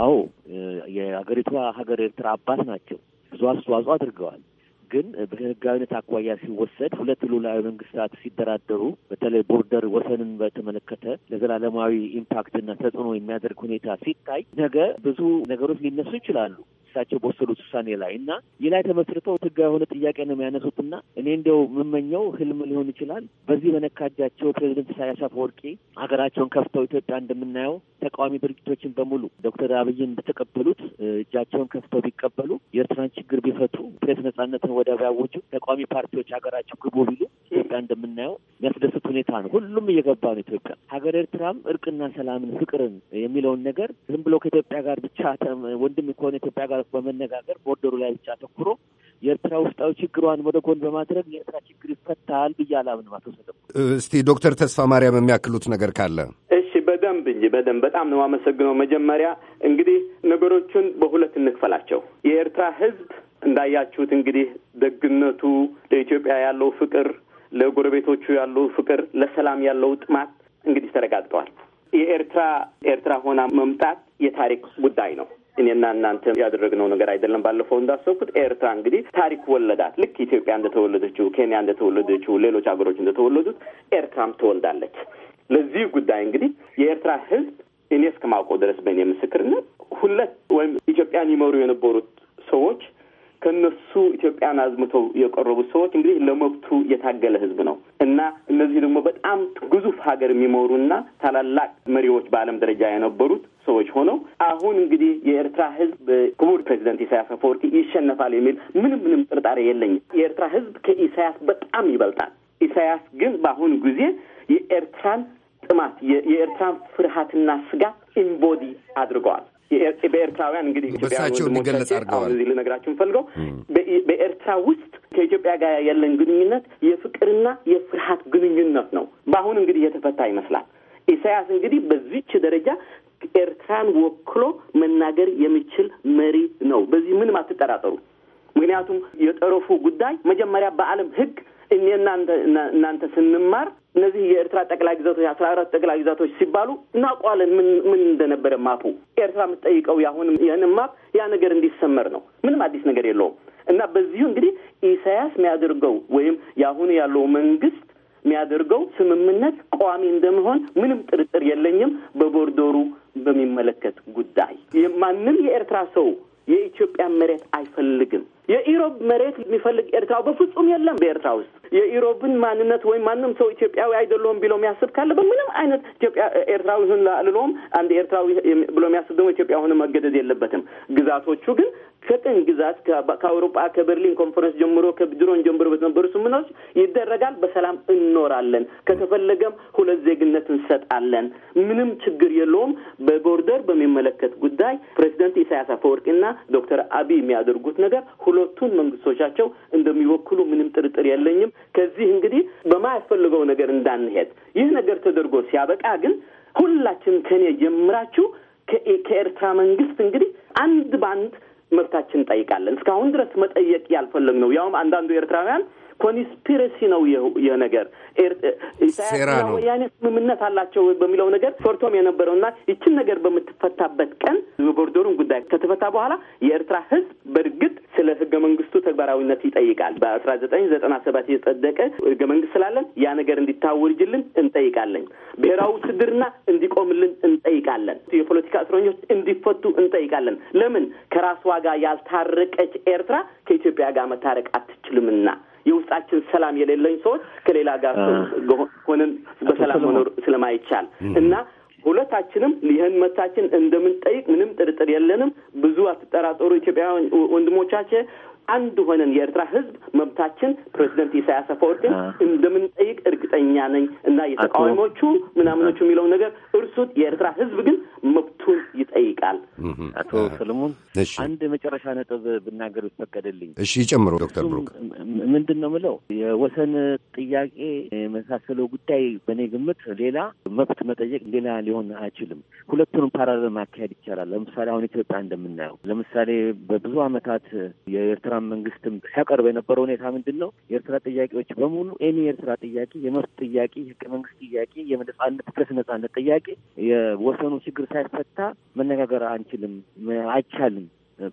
አዎ የሀገሪቷ ሀገር ኤርትራ አባት ናቸው። ብዙ አስተዋጽኦ አድርገዋል። ግን በህጋዊነት አኳያ ሲወሰድ ሁለት ሉላዊ መንግስታት ሲደራደሩ በተለይ ቦርደር ወሰንን በተመለከተ ለዘላለማዊ ኢምፓክትና ተጽዕኖ የሚያደርግ ሁኔታ ሲታይ ነገ ብዙ ነገሮች ሊነሱ ይችላሉ። እሳቸው በወሰዱት ውሳኔ ላይ እና ይህ ላይ ተመስርተው ህጋዊ የሆነ ጥያቄ ነው የሚያነሱትና እኔ እንደው የምመኘው ህልም ሊሆን ይችላል። በዚህ በነካጃቸው ፕሬዚደንት ኢሳያስ አፈወርቂ ሀገራቸውን ከፍተው ኢትዮጵያ እንደምናየው ተቃዋሚ ድርጅቶችን በሙሉ ዶክተር አብይን እንደተቀበሉት እጃቸውን ከፍተው ቢቀበሉ የኤርትራን ችግር ቢፈቱ ፕሬስ ነጻነትን ወደ ያወጁ ተቃዋሚ ፓርቲዎች ሀገራቸው ግቡ ቢሉ ኢትዮጵያ እንደምናየው የሚያስደስት ሁኔታ ነው። ሁሉም እየገባ ነው። ኢትዮጵያ ሀገር ኤርትራም እርቅና ሰላምን ፍቅርን የሚለውን ነገር ዝም ብሎ ከኢትዮጵያ ጋር ብቻ ወንድም ከሆነ ኢትዮጵያ ጋር በመነጋገር ቦርደሩ ላይ ብቻ አተኩሮ የኤርትራ ውስጣዊ ችግሯን ወደ ጎን በማድረግ የኤርትራ ችግር ይፈታል ብዬ አላምንም። አቶ ሰለሞን፣ እስቲ ዶክተር ተስፋ ማርያም የሚያክሉት ነገር ካለ እሺ። በደንብ እንጂ በደንብ በጣም ነው አመሰግነው። መጀመሪያ እንግዲህ ነገሮቹን በሁለት እንክፈላቸው። የኤርትራ ህዝብ እንዳያችሁት እንግዲህ ደግነቱ፣ ለኢትዮጵያ ያለው ፍቅር፣ ለጎረቤቶቹ ያለው ፍቅር፣ ለሰላም ያለው ጥማት እንግዲህ ተረጋግጠዋል። የኤርትራ ኤርትራ ሆና መምጣት የታሪክ ጉዳይ ነው። እኔና እናንተ ያደረግነው ነገር አይደለም። ባለፈው እንዳሰብኩት ኤርትራ እንግዲህ ታሪክ ወለዳት። ልክ ኢትዮጵያ እንደተወለደችው፣ ኬንያ እንደተወለደችው፣ ሌሎች ሀገሮች እንደተወለዱት ኤርትራም ተወልዳለች። ለዚህ ጉዳይ እንግዲህ የኤርትራ ሕዝብ እኔ እስከማውቀው ድረስ በእኔ ምስክርነት ሁለት ወይም ኢትዮጵያን ይመሩ የነበሩት ሰዎች ከነሱ ኢትዮጵያን አዝምተው የቀረቡ ሰዎች እንግዲህ ለመብቱ የታገለ ህዝብ ነው እና እነዚህ ደግሞ በጣም ግዙፍ ሀገር የሚመሩና ታላላቅ መሪዎች በዓለም ደረጃ የነበሩት ሰዎች ሆነው አሁን እንግዲህ የኤርትራ ህዝብ ክቡር ፕሬዚደንት ኢሳያስ አፈወርቂ ይሸነፋል የሚል ምንም ምንም ጥርጣሬ የለኝም። የኤርትራ ህዝብ ከኢሳያስ በጣም ይበልጣል። ኢሳያስ ግን በአሁኑ ጊዜ የኤርትራን ጥማት የኤርትራን ፍርሃትና ስጋት ኢምቦዲ አድርገዋል። በኤርትራውያን እንግዲህ በሳቸው እንዲገለጽ አድርገዋል። እዚህ ልነግራችሁ የምፈልገው በኤርትራ ውስጥ ከኢትዮጵያ ጋር ያለን ግንኙነት የፍቅርና የፍርሃት ግንኙነት ነው። በአሁን እንግዲህ የተፈታ ይመስላል። ኢሳያስ እንግዲህ በዚች ደረጃ ኤርትራን ወክሎ መናገር የሚችል መሪ ነው። በዚህ ምንም አትጠራጠሩ። ምክንያቱም የጠረፉ ጉዳይ መጀመሪያ በዓለም ሕግ እኔ እናንተ እናንተ ስንማር እነዚህ የኤርትራ ጠቅላይ ግዛቶች አስራ አራት ጠቅላይ ግዛቶች ሲባሉ እናውቀዋለን ምን ምን እንደነበረ ማፑ ኤርትራ የምትጠይቀው ያሁን ይህን ማፕ ያ ነገር እንዲሰመር ነው። ምንም አዲስ ነገር የለውም እና በዚሁ እንግዲህ ኢሳያስ የሚያደርገው ወይም የአሁኑ ያለው መንግስት የሚያደርገው ስምምነት ቋሚ እንደመሆን ምንም ጥርጥር የለኝም። በቦርዶሩ በሚመለከት ጉዳይ ማንም የኤርትራ ሰው የኢትዮጵያ መሬት አይፈልግም። የኢሮብ መሬት የሚፈልግ ኤርትራ በፍጹም የለም። በኤርትራ ውስጥ የኢሮብን ማንነት ወይም ማንም ሰው ኢትዮጵያዊ አይደለሁም ብሎ የሚያስብ ካለ በምንም አይነት ኢትዮጵያ ኤርትራዊ ሁን አልለውም። አንድ ኤርትራዊ ብሎ የሚያስብ ደግሞ ኢትዮጵያ ሆነ መገደድ የለበትም። ግዛቶቹ ግን ከቅኝ ግዛት ከአውሮፓ ከበርሊን ኮንፈረንስ ጀምሮ ከድሮን ጀምሮ በተነበሩ ስምምነቶች ይደረጋል። በሰላም እንኖራለን። ከተፈለገም ሁለት ዜግነት እንሰጣለን። ምንም ችግር የለውም። በቦርደር በሚመለከት ጉዳይ ፕሬዚደንት ኢሳያስ አፈወርቂና ዶክተር አብይ የሚያደርጉት ነገር ሁለቱን መንግስቶቻቸው እንደሚወክሉ ምንም ጥርጥር የለኝም። ከዚህ እንግዲህ በማያስፈልገው ነገር እንዳንሄድ ይህ ነገር ተደርጎ ሲያበቃ ግን ሁላችን ከኔ ጀምራችሁ ከኤርትራ መንግስት እንግዲህ አንድ በአንድ መብታችን እንጠይቃለን። እስካሁን ድረስ መጠየቅ ያልፈለግ ነው። ያውም አንዳንዱ ኤርትራውያን ኮንስፒረሲ ነው ይህ ነገር ኢሳያስና ወያኔ ስምምነት አላቸው በሚለው ነገር ፈርቶም የነበረው እና ይችን ነገር በምትፈታበት ቀን የቦርደሩን ጉዳይ ከተፈታ በኋላ የኤርትራ ህዝብ በእርግጥ ስለ ህገ መንግስቱ ተግባራዊነት ይጠይቃል። በአስራ ዘጠኝ ዘጠና ሰባት የጸደቀ ህገ መንግስት ስላለን ያ ነገር እንዲታወጅልን እንጠይቃለን። ብሔራዊ ውትድርና እንዲቆምልን እንጠይቃለን። የፖለቲካ እስረኞች እንዲፈቱ እንጠይቃለን። ለምን ከራስ ዋጋ ያልታረቀች ኤርትራ ከኢትዮጵያ ጋር መታረቅ አትችልምና የውስጣችን ሰላም የሌለኝ ሰዎች ከሌላ ጋር ሆነን በሰላም መኖር ስለማይቻል እና ሁለታችንም ይህን መብታችን እንደምንጠይቅ ምንም ጥርጥር የለንም። ብዙ አትጠራጠሩ። ኢትዮጵያውያን ወንድሞቻችን አንድ ሆነን የኤርትራ ሕዝብ መብታችን ፕሬዚደንት ኢሳያስ አፈወርቅን እንደምንጠይቅ እርግጠኛ ነኝ እና የተቃዋሚዎቹ ምናምኖቹ የሚለው ነገር እርሱ የኤርትራ ሕዝብ ግን መብቱን ይጠይቅ። ይበልጣል። አቶ ሰለሞን አንድ መጨረሻ ነጥብ ብናገር ይፈቀደልኝ? እሺ ይጨምሩ ዶክተር ብሩክ። ምንድን ነው ምለው የወሰን ጥያቄ የመሳሰለው ጉዳይ በእኔ ግምት ሌላ መብት መጠየቅ ሌላ ሊሆን አይችልም። ሁለቱንም ፓራለል ማካሄድ ይቻላል። ለምሳሌ አሁን ኢትዮጵያ እንደምናየው ለምሳሌ በብዙ አመታት የኤርትራ መንግስትም ሲያቀርብ የነበረው ሁኔታ ምንድን ነው የኤርትራ ጥያቄዎች በሙሉ ኤኒ የኤርትራ ጥያቄ፣ የመብት ጥያቄ፣ የህገ መንግስት ጥያቄ፣ የነጻነት ፕሬስ ነጻነት ጥያቄ የወሰኑ ችግር ሳይፈታ መነጋገር መናገር አንችልም፣ አይቻልም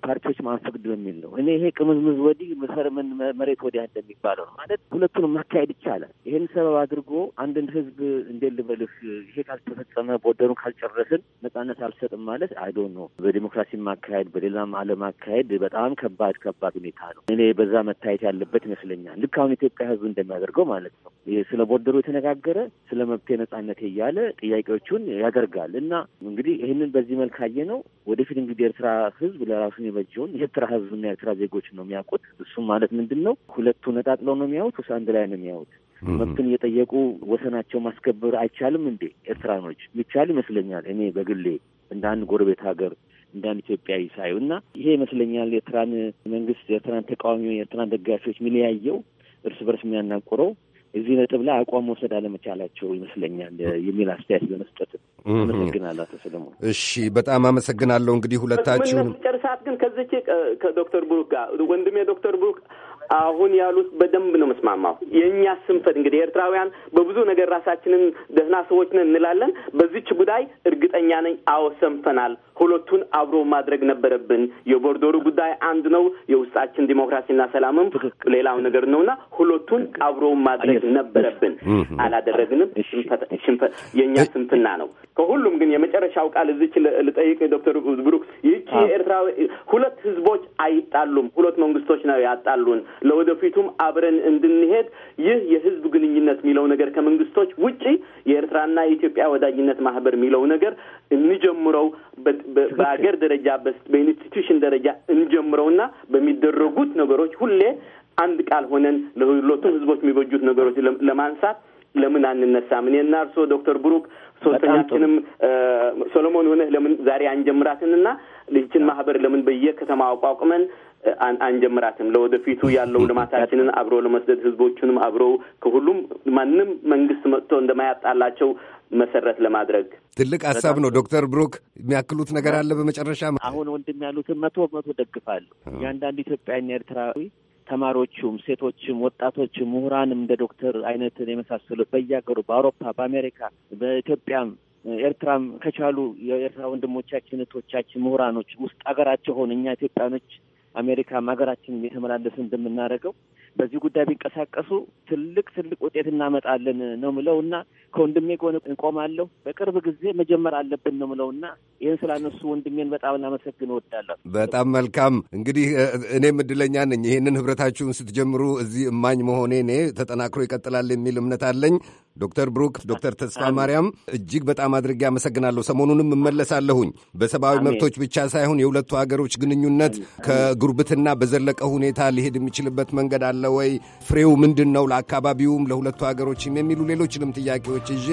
ፓርቲዎች ማንፈቅድ በሚል ነው። እኔ ይሄ ቅምዝምዝ ወዲህ ምሰር ምን መሬት ወዲህ አለ የሚባለው ነው ማለት ሁለቱንም ማካሄድ ይቻላል። ይህን ሰበብ አድርጎ አንድን ህዝብ እንዴት ልበልህ፣ ይሄ ካልተፈጸመ ቦርደሩን ካልጨረስን ነጻነት አልሰጥም ማለት አይዶ ነው። በዲሞክራሲ ማካሄድ በሌላም አለም አካሄድ በጣም ከባድ ከባድ ሁኔታ ነው። እኔ በዛ መታየት ያለበት ይመስለኛል። ልክ አሁን ኢትዮጵያ ህዝብ እንደሚያደርገው ማለት ነው። ስለ ቦርደሩ የተነጋገረ ስለ መብቴ ነጻነት እያለ ጥያቄዎቹን ያደርጋል እና እንግዲህ ይህንን በዚህ መልክ አየ ነው። ወደፊት እንግዲህ ኤርትራ ህዝብ ለራ ራሱን የበጀውን የኤርትራ ህዝብና የኤርትራ ዜጎች ነው የሚያውቁት። እሱም ማለት ምንድን ነው? ሁለቱ ነጣጥለው ነው የሚያዩት ወይስ አንድ ላይ ነው የሚያዩት? መብትን እየጠየቁ ወሰናቸው ማስከበር አይቻልም እንዴ? ኤርትራኖች ሚቻል ይመስለኛል። እኔ በግሌ እንደ አንድ ጎረቤት ሀገር እንደ አንድ ኢትዮጵያዊ ሳዩ እና ይሄ ይመስለኛል የኤርትራን መንግስት፣ የኤርትራን ተቃዋሚ፣ የኤርትራን ደጋፊዎች የሚለያየው እርስ በርስ የሚያናቁረው እዚህ ነጥብ ላይ አቋም መውሰድ አለመቻላቸው ይመስለኛል የሚል አስተያየት በመስጠት አመሰግናለሁ። አቶ ሰለሞን እሺ፣ በጣም አመሰግናለሁ። እንግዲህ ሁለታችሁ ሰዓት ግን ከዚች ከዶክተር ብሩክ ጋር ወንድሜ ዶክተር ብሩክ አሁን ያሉት በደንብ ነው መስማማው። የእኛ ስንፈት እንግዲህ ኤርትራውያን በብዙ ነገር ራሳችንን ደህና ሰዎች ነን እንላለን። በዚች ጉዳይ እርግጠኛ ነኝ፣ አዎ ሰንፈናል። ሁለቱን አብሮ ማድረግ ነበረብን። የቦርዶሩ ጉዳይ አንድ ነው፣ የውስጣችን ዲሞክራሲና ሰላምም ሌላው ነገር ነውና ሁለቱን አብሮ ማድረግ ነበረብን። አላደረግንም። ሽንፈት የእኛ ስንፍና ነው። ከሁሉም ግን የመጨረሻው ቃል እዚች ልጠይቅ ዶክተር ብሩክ ይቺ የኤርትራ ሁለት ህዝቦች አይጣሉም፣ ሁለት መንግስቶች ነው ያጣሉን። ለወደፊቱም አብረን እንድንሄድ ይህ የህዝብ ግንኙነት የሚለው ነገር ከመንግስቶች ውጪ የኤርትራና የኢትዮጵያ ወዳጅነት ማህበር የሚለው ነገር እንጀምረው፣ በሀገር ደረጃ በኢንስቲትዩሽን ደረጃ እንጀምረውና በሚደረጉት ነገሮች ሁሌ አንድ ቃል ሆነን ለሁለቱም ህዝቦች የሚበጁት ነገሮች ለማንሳት ለምን አንነሳም? እኔና እርስዎ ዶክተር ብሩክ ሶስተኛችንም ሶሎሞን ሆነህ ለምን ዛሬ አንጀምራትን እና ልጅችን ማህበር ለምን በየከተማ አቋቁመን አንጀምራትም? ለወደፊቱ ያለው ልማታችንን አብሮ ለመስደድ ህዝቦቹንም አብሮ ከሁሉም ማንም መንግስት መጥቶ እንደማያጣላቸው መሰረት ለማድረግ ትልቅ ሀሳብ ነው። ዶክተር ብሩክ የሚያክሉት ነገር አለ? በመጨረሻ አሁን ወንድም ያሉትን መቶ መቶ ደግፋለሁ። እያንዳንዱ ኢትዮጵያና ኤርትራዊ ተማሪዎቹም፣ ሴቶችም፣ ወጣቶችም፣ ምሁራንም እንደ ዶክተር አይነት የመሳሰሉት በየሀገሩ በአውሮፓ፣ በአሜሪካ፣ በኢትዮጵያም ኤርትራም ከቻሉ የኤርትራ ወንድሞቻችን እህቶቻችን ምሁራኖች ውስጥ አገራቸው ሆን እኛ ኢትዮጵያኖች አሜሪካም ሀገራችን የተመላለስ እንደምናደርገው በዚህ ጉዳይ ቢንቀሳቀሱ ትልቅ ትልቅ ውጤት እናመጣለን ነው ምለው እና ከወንድሜ ጎን እንቆማለሁ። በቅርብ ጊዜ መጀመር አለብን ነው ምለው እና ይህን ስላነሱ ወንድሜን በጣም ላመሰግን እወዳለሁ። በጣም መልካም። እንግዲህ እኔም እድለኛ ነኝ። ይህንን ህብረታችሁን ስትጀምሩ እዚህ እማኝ መሆኔ እኔ ተጠናክሮ ይቀጥላል የሚል እምነት አለኝ። ዶክተር ብሩክ፣ ዶክተር ተስፋ ማርያም እጅግ በጣም አድርጌ አመሰግናለሁ። ሰሞኑንም እመለሳለሁኝ። በሰብአዊ መብቶች ብቻ ሳይሆን የሁለቱ ሀገሮች ግንኙነት በጉርብትና በዘለቀ ሁኔታ ሊሄድ የሚችልበት መንገድ አለ ወይ? ፍሬው ምንድን ነው? ለአካባቢውም ለሁለቱ ሀገሮችም የሚሉ ሌሎችንም ጥያቄዎች ይዤ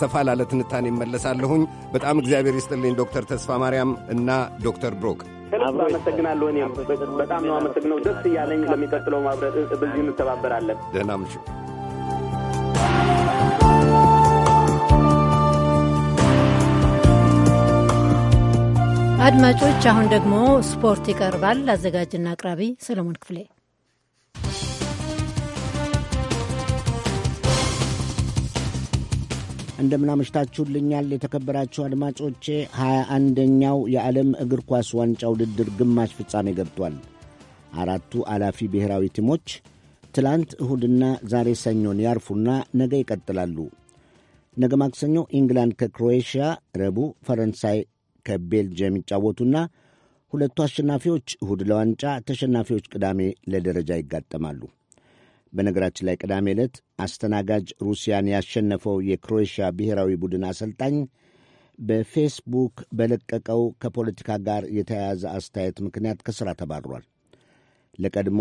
ሰፋ ላለ ትንታኔ መለሳለሁኝ። በጣም እግዚአብሔር ይስጥልኝ ዶክተር ተስፋ ማርያም እና ዶክተር ብሮክ አመሰግናለሁ። እኔም በጣም ነው አመሰግነው። ደስ እያለኝ ለሚቀጥለው ማብረ በዚህ እንተባበራለን። ደህና ምሽት። አድማጮች፣ አሁን ደግሞ ስፖርት ይቀርባል። አዘጋጅና አቅራቢ ሰለሞን ክፍሌ። እንደምናመሽታችሁልኛል የተከበራችሁ አድማጮቼ። 2 አንደኛው የዓለም እግር ኳስ ዋንጫ ውድድር ግማሽ ፍጻሜ ገብቷል። አራቱ አላፊ ብሔራዊ ቲሞች ትላንት እሁድና ዛሬ ሰኞን ያርፉና ነገ ይቀጥላሉ። ነገ ማክሰኞ ኢንግላንድ ከክሮኤሽያ፣ ረቡዕ ፈረንሳይ ከቤልጅየም ይጫወቱና ሁለቱ አሸናፊዎች እሁድ ለዋንጫ ተሸናፊዎች ቅዳሜ ለደረጃ ይጋጠማሉ። በነገራችን ላይ ቅዳሜ ዕለት አስተናጋጅ ሩሲያን ያሸነፈው የክሮኤሽያ ብሔራዊ ቡድን አሰልጣኝ በፌስቡክ በለቀቀው ከፖለቲካ ጋር የተያያዘ አስተያየት ምክንያት ከሥራ ተባሯል። ለቀድሞ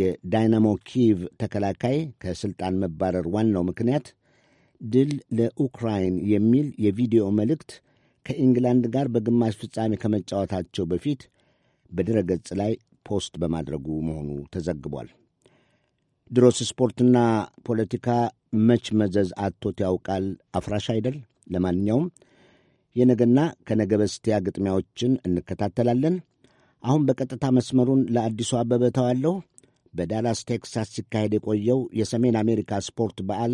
የዳይናሞ ኪቭ ተከላካይ ከሥልጣን መባረር ዋናው ምክንያት ድል ለኡክራይን የሚል የቪዲዮ መልእክት ከኢንግላንድ ጋር በግማሽ ፍጻሜ ከመጫወታቸው በፊት በድረ ገጽ ላይ ፖስት በማድረጉ መሆኑ ተዘግቧል። ድሮስ ስፖርትና ፖለቲካ መች መዘዝ አቶት ያውቃል አፍራሽ አይደል? ለማንኛውም የነገና ከነገ በስቲያ ግጥሚያዎችን እንከታተላለን። አሁን በቀጥታ መስመሩን ለአዲሱ አበበ ተዋለሁ። በዳላስ ቴክሳስ ሲካሄድ የቆየው የሰሜን አሜሪካ ስፖርት በዓል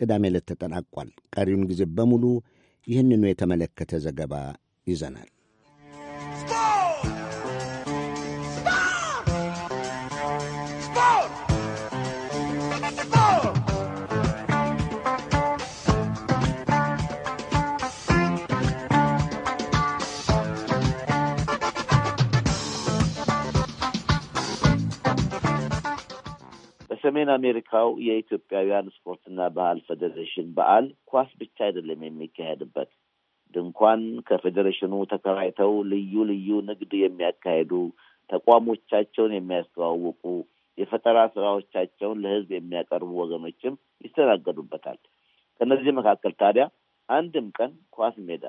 ቅዳሜ ዕለት ተጠናቋል። ቀሪውን ጊዜ በሙሉ ይህንኑ የተመለከተ ዘገባ ይዘናል። በሰሜን አሜሪካው የኢትዮጵያውያን ስፖርትና ባህል ፌዴሬሽን በዓል ኳስ ብቻ አይደለም የሚካሄድበት። ድንኳን ከፌዴሬሽኑ ተከራይተው ልዩ ልዩ ንግድ የሚያካሄዱ ተቋሞቻቸውን የሚያስተዋውቁ የፈጠራ ስራዎቻቸውን ለሕዝብ የሚያቀርቡ ወገኖችም ይስተናገዱበታል። ከእነዚህ መካከል ታዲያ አንድም ቀን ኳስ ሜዳ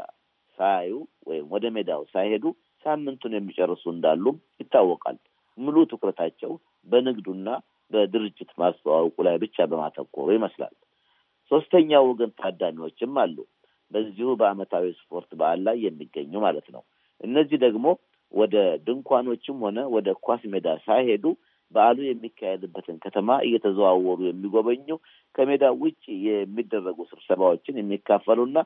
ሳያዩ ወይም ወደ ሜዳው ሳይሄዱ ሳምንቱን የሚጨርሱ እንዳሉም ይታወቃል። ሙሉ ትኩረታቸው በንግዱና በድርጅት ማስተዋወቁ ላይ ብቻ በማተኮሩ ይመስላል። ሶስተኛ ወገን ታዳሚዎችም አሉ። በዚሁ በዓመታዊ ስፖርት በዓል ላይ የሚገኙ ማለት ነው። እነዚህ ደግሞ ወደ ድንኳኖችም ሆነ ወደ ኳስ ሜዳ ሳይሄዱ በዓሉ የሚካሄድበትን ከተማ እየተዘዋወሩ የሚጎበኙ ከሜዳ ውጭ የሚደረጉ ስብሰባዎችን የሚካፈሉና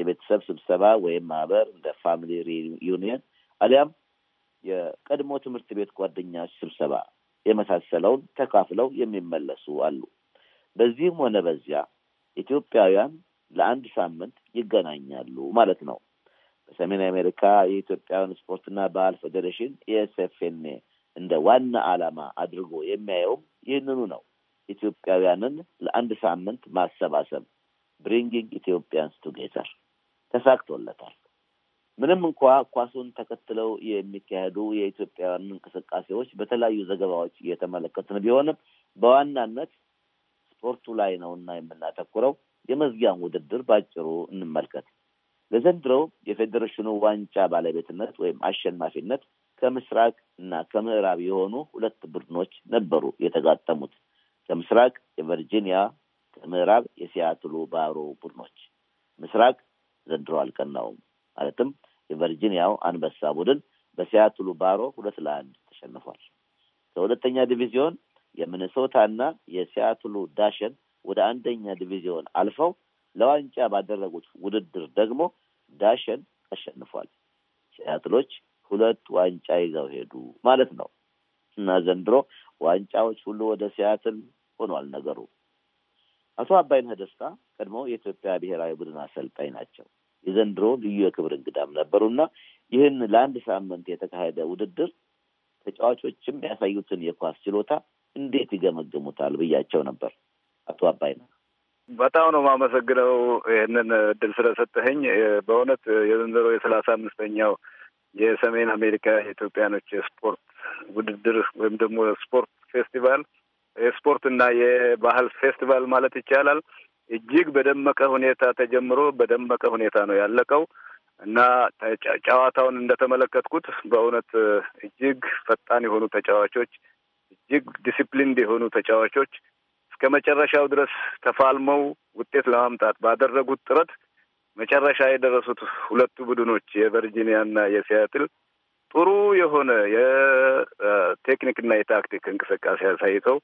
የቤተሰብ ስብሰባ ወይም ማህበር እንደ ፋሚሊ ሪዩኒየን አሊያም የቀድሞ ትምህርት ቤት ጓደኛ ስብሰባ የመሳሰለውን ተካፍለው የሚመለሱ አሉ። በዚህም ሆነ በዚያ ኢትዮጵያውያን ለአንድ ሳምንት ይገናኛሉ ማለት ነው። በሰሜን አሜሪካ የኢትዮጵያውያን ስፖርትና ባህል ፌዴሬሽን ኤስኤፍኤንኤ እንደ ዋና ዓላማ አድርጎ የሚያየውም ይህንኑ ነው። ኢትዮጵያውያንን ለአንድ ሳምንት ማሰባሰብ ብሪንጊንግ ኢትዮጵያንስ ቱጌዘር ተሳክቶለታል። ምንም እንኳ ኳሱን ተከትለው የሚካሄዱ የኢትዮጵያውያን እንቅስቃሴዎች በተለያዩ ዘገባዎች እየተመለከትን ቢሆንም በዋናነት ስፖርቱ ላይ ነው እና የምናተኩረው። የመዝጊያን ውድድር በአጭሩ እንመልከት። ለዘንድሮው የፌዴሬሽኑ ዋንጫ ባለቤትነት ወይም አሸናፊነት ከምስራቅ እና ከምዕራብ የሆኑ ሁለት ቡድኖች ነበሩ የተጋጠሙት። ከምስራቅ የቨርጂኒያ፣ ከምዕራብ የሲያትሉ ባሮ ቡድኖች። ምስራቅ ዘንድሮ አልቀናውም። ማለትም የቨርጂኒያው አንበሳ ቡድን በሲያትሉ ባሮ ሁለት ለአንድ ተሸንፏል። ከሁለተኛ ዲቪዚዮን የሚኒሶታና የሲያትሉ ዳሸን ወደ አንደኛ ዲቪዚዮን አልፈው ለዋንጫ ባደረጉት ውድድር ደግሞ ዳሸን አሸንፏል። ሲያትሎች ሁለት ዋንጫ ይዘው ሄዱ ማለት ነው እና ዘንድሮ ዋንጫዎች ሁሉ ወደ ሲያትል ሆኗል ነገሩ። አቶ አባይነህ ደስታ ቀድሞ የኢትዮጵያ ብሔራዊ ቡድን አሰልጣኝ ናቸው። የዘንድሮ ልዩ የክብር እንግዳም ነበሩና ይህን ለአንድ ሳምንት የተካሄደ ውድድር ተጫዋቾችም ያሳዩትን የኳስ ችሎታ እንዴት ይገመግሙታል ብያቸው ነበር። አቶ አባይ ነው። በጣም ነው የማመሰግነው ይህንን እድል ስለሰጠኸኝ። በእውነት የዘንድሮ የሰላሳ አምስተኛው የሰሜን አሜሪካ የኢትዮጵያኖች የስፖርት ውድድር ወይም ደግሞ ስፖርት ፌስቲቫል የስፖርት እና የባህል ፌስቲቫል ማለት ይቻላል እጅግ በደመቀ ሁኔታ ተጀምሮ በደመቀ ሁኔታ ነው ያለቀው እና ጨዋታውን እንደተመለከትኩት በእውነት እጅግ ፈጣን የሆኑ ተጫዋቾች፣ እጅግ ዲሲፕሊንድ የሆኑ ተጫዋቾች እስከ መጨረሻው ድረስ ተፋልመው ውጤት ለማምጣት ባደረጉት ጥረት መጨረሻ የደረሱት ሁለቱ ቡድኖች የቨርጂኒያ ና የሲያትል ጥሩ የሆነ የቴክኒክና የታክቲክ እንቅስቃሴ አሳይተው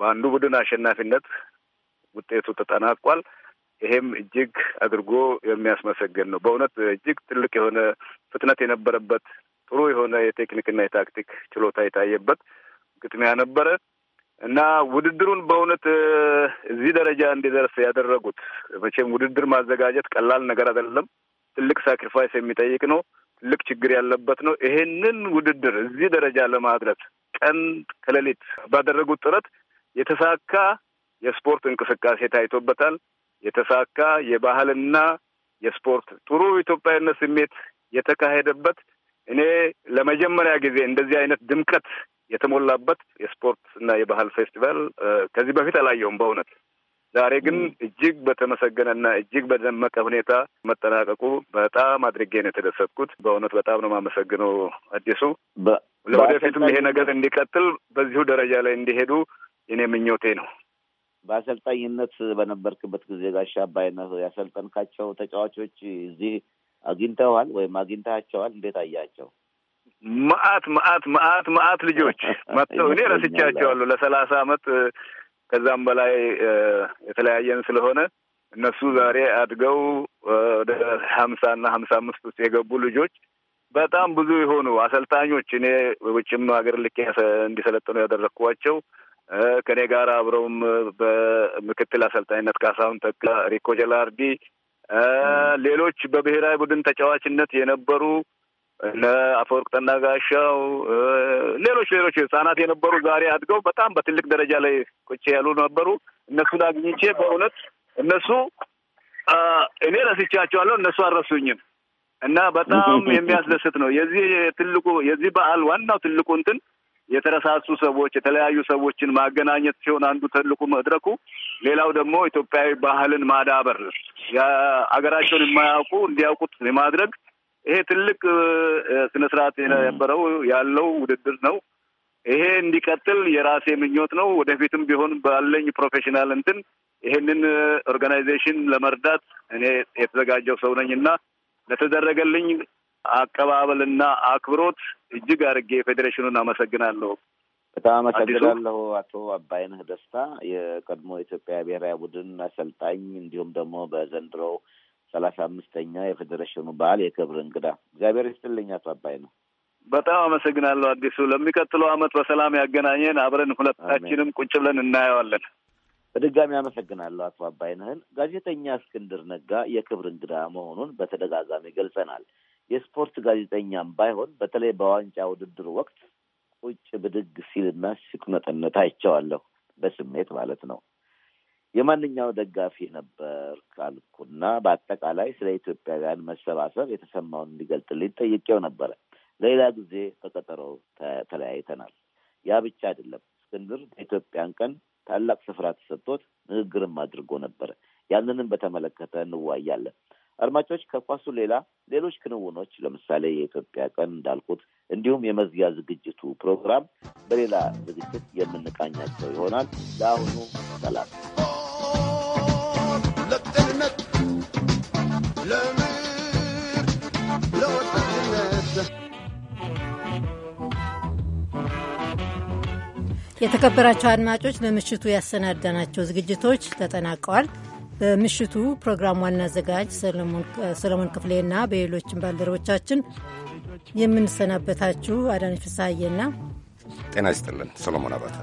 በአንዱ ቡድን አሸናፊነት ውጤቱ ተጠናቋል። ይሄም እጅግ አድርጎ የሚያስመሰግን ነው። በእውነት እጅግ ትልቅ የሆነ ፍጥነት የነበረበት ጥሩ የሆነ የቴክኒክና የታክቲክ ችሎታ የታየበት ግጥሚያ ነበረ እና ውድድሩን በእውነት እዚህ ደረጃ እንዲደርስ ያደረጉት መቼም ውድድር ማዘጋጀት ቀላል ነገር አይደለም። ትልቅ ሳክሪፋይስ የሚጠይቅ ነው። ትልቅ ችግር ያለበት ነው። ይሄንን ውድድር እዚህ ደረጃ ለማድረስ ቀን ከሌሊት ባደረጉት ጥረት የተሳካ የስፖርት እንቅስቃሴ ታይቶበታል። የተሳካ የባህልና የስፖርት ጥሩ ኢትዮጵያዊነት ስሜት የተካሄደበት እኔ ለመጀመሪያ ጊዜ እንደዚህ አይነት ድምቀት የተሞላበት የስፖርት እና የባህል ፌስቲቫል ከዚህ በፊት አላየውም። በእውነት ዛሬ ግን እጅግ በተመሰገነና እጅግ በደመቀ ሁኔታ መጠናቀቁ በጣም አድርጌ ነው የተደሰትኩት። በእውነት በጣም ነው የማመሰግነው አዲሱ። ለወደፊትም ይሄ ነገር እንዲቀጥል በዚሁ ደረጃ ላይ እንዲሄዱ የኔ ምኞቴ ነው። በአሰልጣኝነት በነበርክበት ጊዜ ጋሻ አባይነህ ያሰልጠንካቸው ተጫዋቾች እዚህ አግኝተዋል ወይም አግኝተሃቸዋል? እንዴት አያቸው? መአት መአት መአት መአት ልጆች *laughs* መጥተው እኔ ረስቻቸዋለሁ። ለሰላሳ አመት ከዛም በላይ የተለያየን ስለሆነ እነሱ ዛሬ አድገው ወደ ሀምሳና ሀምሳ አምስት ውስጥ የገቡ ልጆች በጣም ብዙ የሆኑ አሰልጣኞች እኔ ውጭም ሀገር ልኬ እንዲሰለጥኑ ያደረግኳቸው ከኔ ጋር አብረውም በምክትል አሰልጣኝነት ካሳሁን ተካ፣ ሪኮ ጀላርዲ፣ ሌሎች በብሔራዊ ቡድን ተጫዋችነት የነበሩ እነ አፈወርቅ ጠናጋሻው፣ ሌሎች ሌሎች ህጻናት የነበሩ ዛሬ አድገው በጣም በትልቅ ደረጃ ላይ ቁጭ ያሉ ነበሩ። እነሱን አግኝቼ በእውነት እነሱ እኔ ረስቻቸዋለሁ፣ እነሱ አልረሱኝም እና በጣም *laughs* የሚያስደስት ነው። የዚህ ትልቁ የዚህ በዓል ዋናው ትልቁ እንትን የተረሳሱ ሰዎች የተለያዩ ሰዎችን ማገናኘት ሲሆን አንዱ ትልቁ መድረኩ፣ ሌላው ደግሞ ኢትዮጵያዊ ባህልን ማዳበር የአገራቸውን የማያውቁ እንዲያውቁት የማድረግ ይሄ ትልቅ ስነ ስርዓት የነበረው ያለው ውድድር ነው። ይሄ እንዲቀጥል የራሴ ምኞት ነው። ወደፊትም ቢሆን ባለኝ ፕሮፌሽናል እንትን ይሄንን ኦርጋናይዜሽን ለመርዳት እኔ የተዘጋጀው ሰው ነኝ እና ለተደረገልኝ አቀባበልና አክብሮት እጅግ አድርጌ ፌዴሬሽኑን አመሰግናለሁ። በጣም አመሰግናለሁ አቶ አባይነህ ደስታ የቀድሞ የኢትዮጵያ ብሔራዊ ቡድን አሰልጣኝ እንዲሁም ደግሞ በዘንድሮ ሰላሳ አምስተኛ የፌዴሬሽኑ በዓል የክብር እንግዳ። እግዚአብሔር ይስጥልኝ አቶ ነው። በጣም አመሰግናለሁ አዲሱ። ለሚቀጥለው ዓመት በሰላም ያገናኘን። አብረን ሁለታችንም ቁጭ ብለን እናየዋለን። በድጋሚ አመሰግናለሁ አቶ አባይነህን። ጋዜጠኛ እስክንድር ነጋ የክብር እንግዳ መሆኑን በተደጋጋሚ ገልጸናል። የስፖርት ጋዜጠኛም ባይሆን በተለይ በዋንጫ ውድድር ወቅት ቁጭ ብድግ ሲልና ሲቁነጠነጥ አይቼዋለሁ። በስሜት ማለት ነው። የማንኛው ደጋፊ ነበር ካልኩና በአጠቃላይ ስለ ኢትዮጵያውያን መሰባሰብ የተሰማውን እንዲገልጥልኝ ጠይቄው ነበረ። ሌላ ጊዜ በቀጠሮ ተለያይተናል። ያ ብቻ አይደለም። እስክንድር በኢትዮጵያን ቀን ታላቅ ስፍራ ተሰጥቶት ንግግርም አድርጎ ነበረ። ያንንም በተመለከተ እንዋያለን። አድማጮች ከኳሱ ሌላ ሌሎች ክንውኖች ለምሳሌ የኢትዮጵያ ቀን እንዳልኩት፣ እንዲሁም የመዝጊያ ዝግጅቱ ፕሮግራም በሌላ ዝግጅት የምንቃኛቸው ይሆናል። ለአሁኑ ሰላም። የተከበራቸው አድማጮች ለምሽቱ ያሰናዳናቸው ዝግጅቶች ተጠናቀዋል። በምሽቱ ፕሮግራም ዋና አዘጋጅ ሰለሞን ክፍሌና በሌሎችን ባልደረቦቻችን የምንሰናበታችሁ አዳነች ፍስሐዬና ጤና ይስጥልን ሰሎሞን አባተ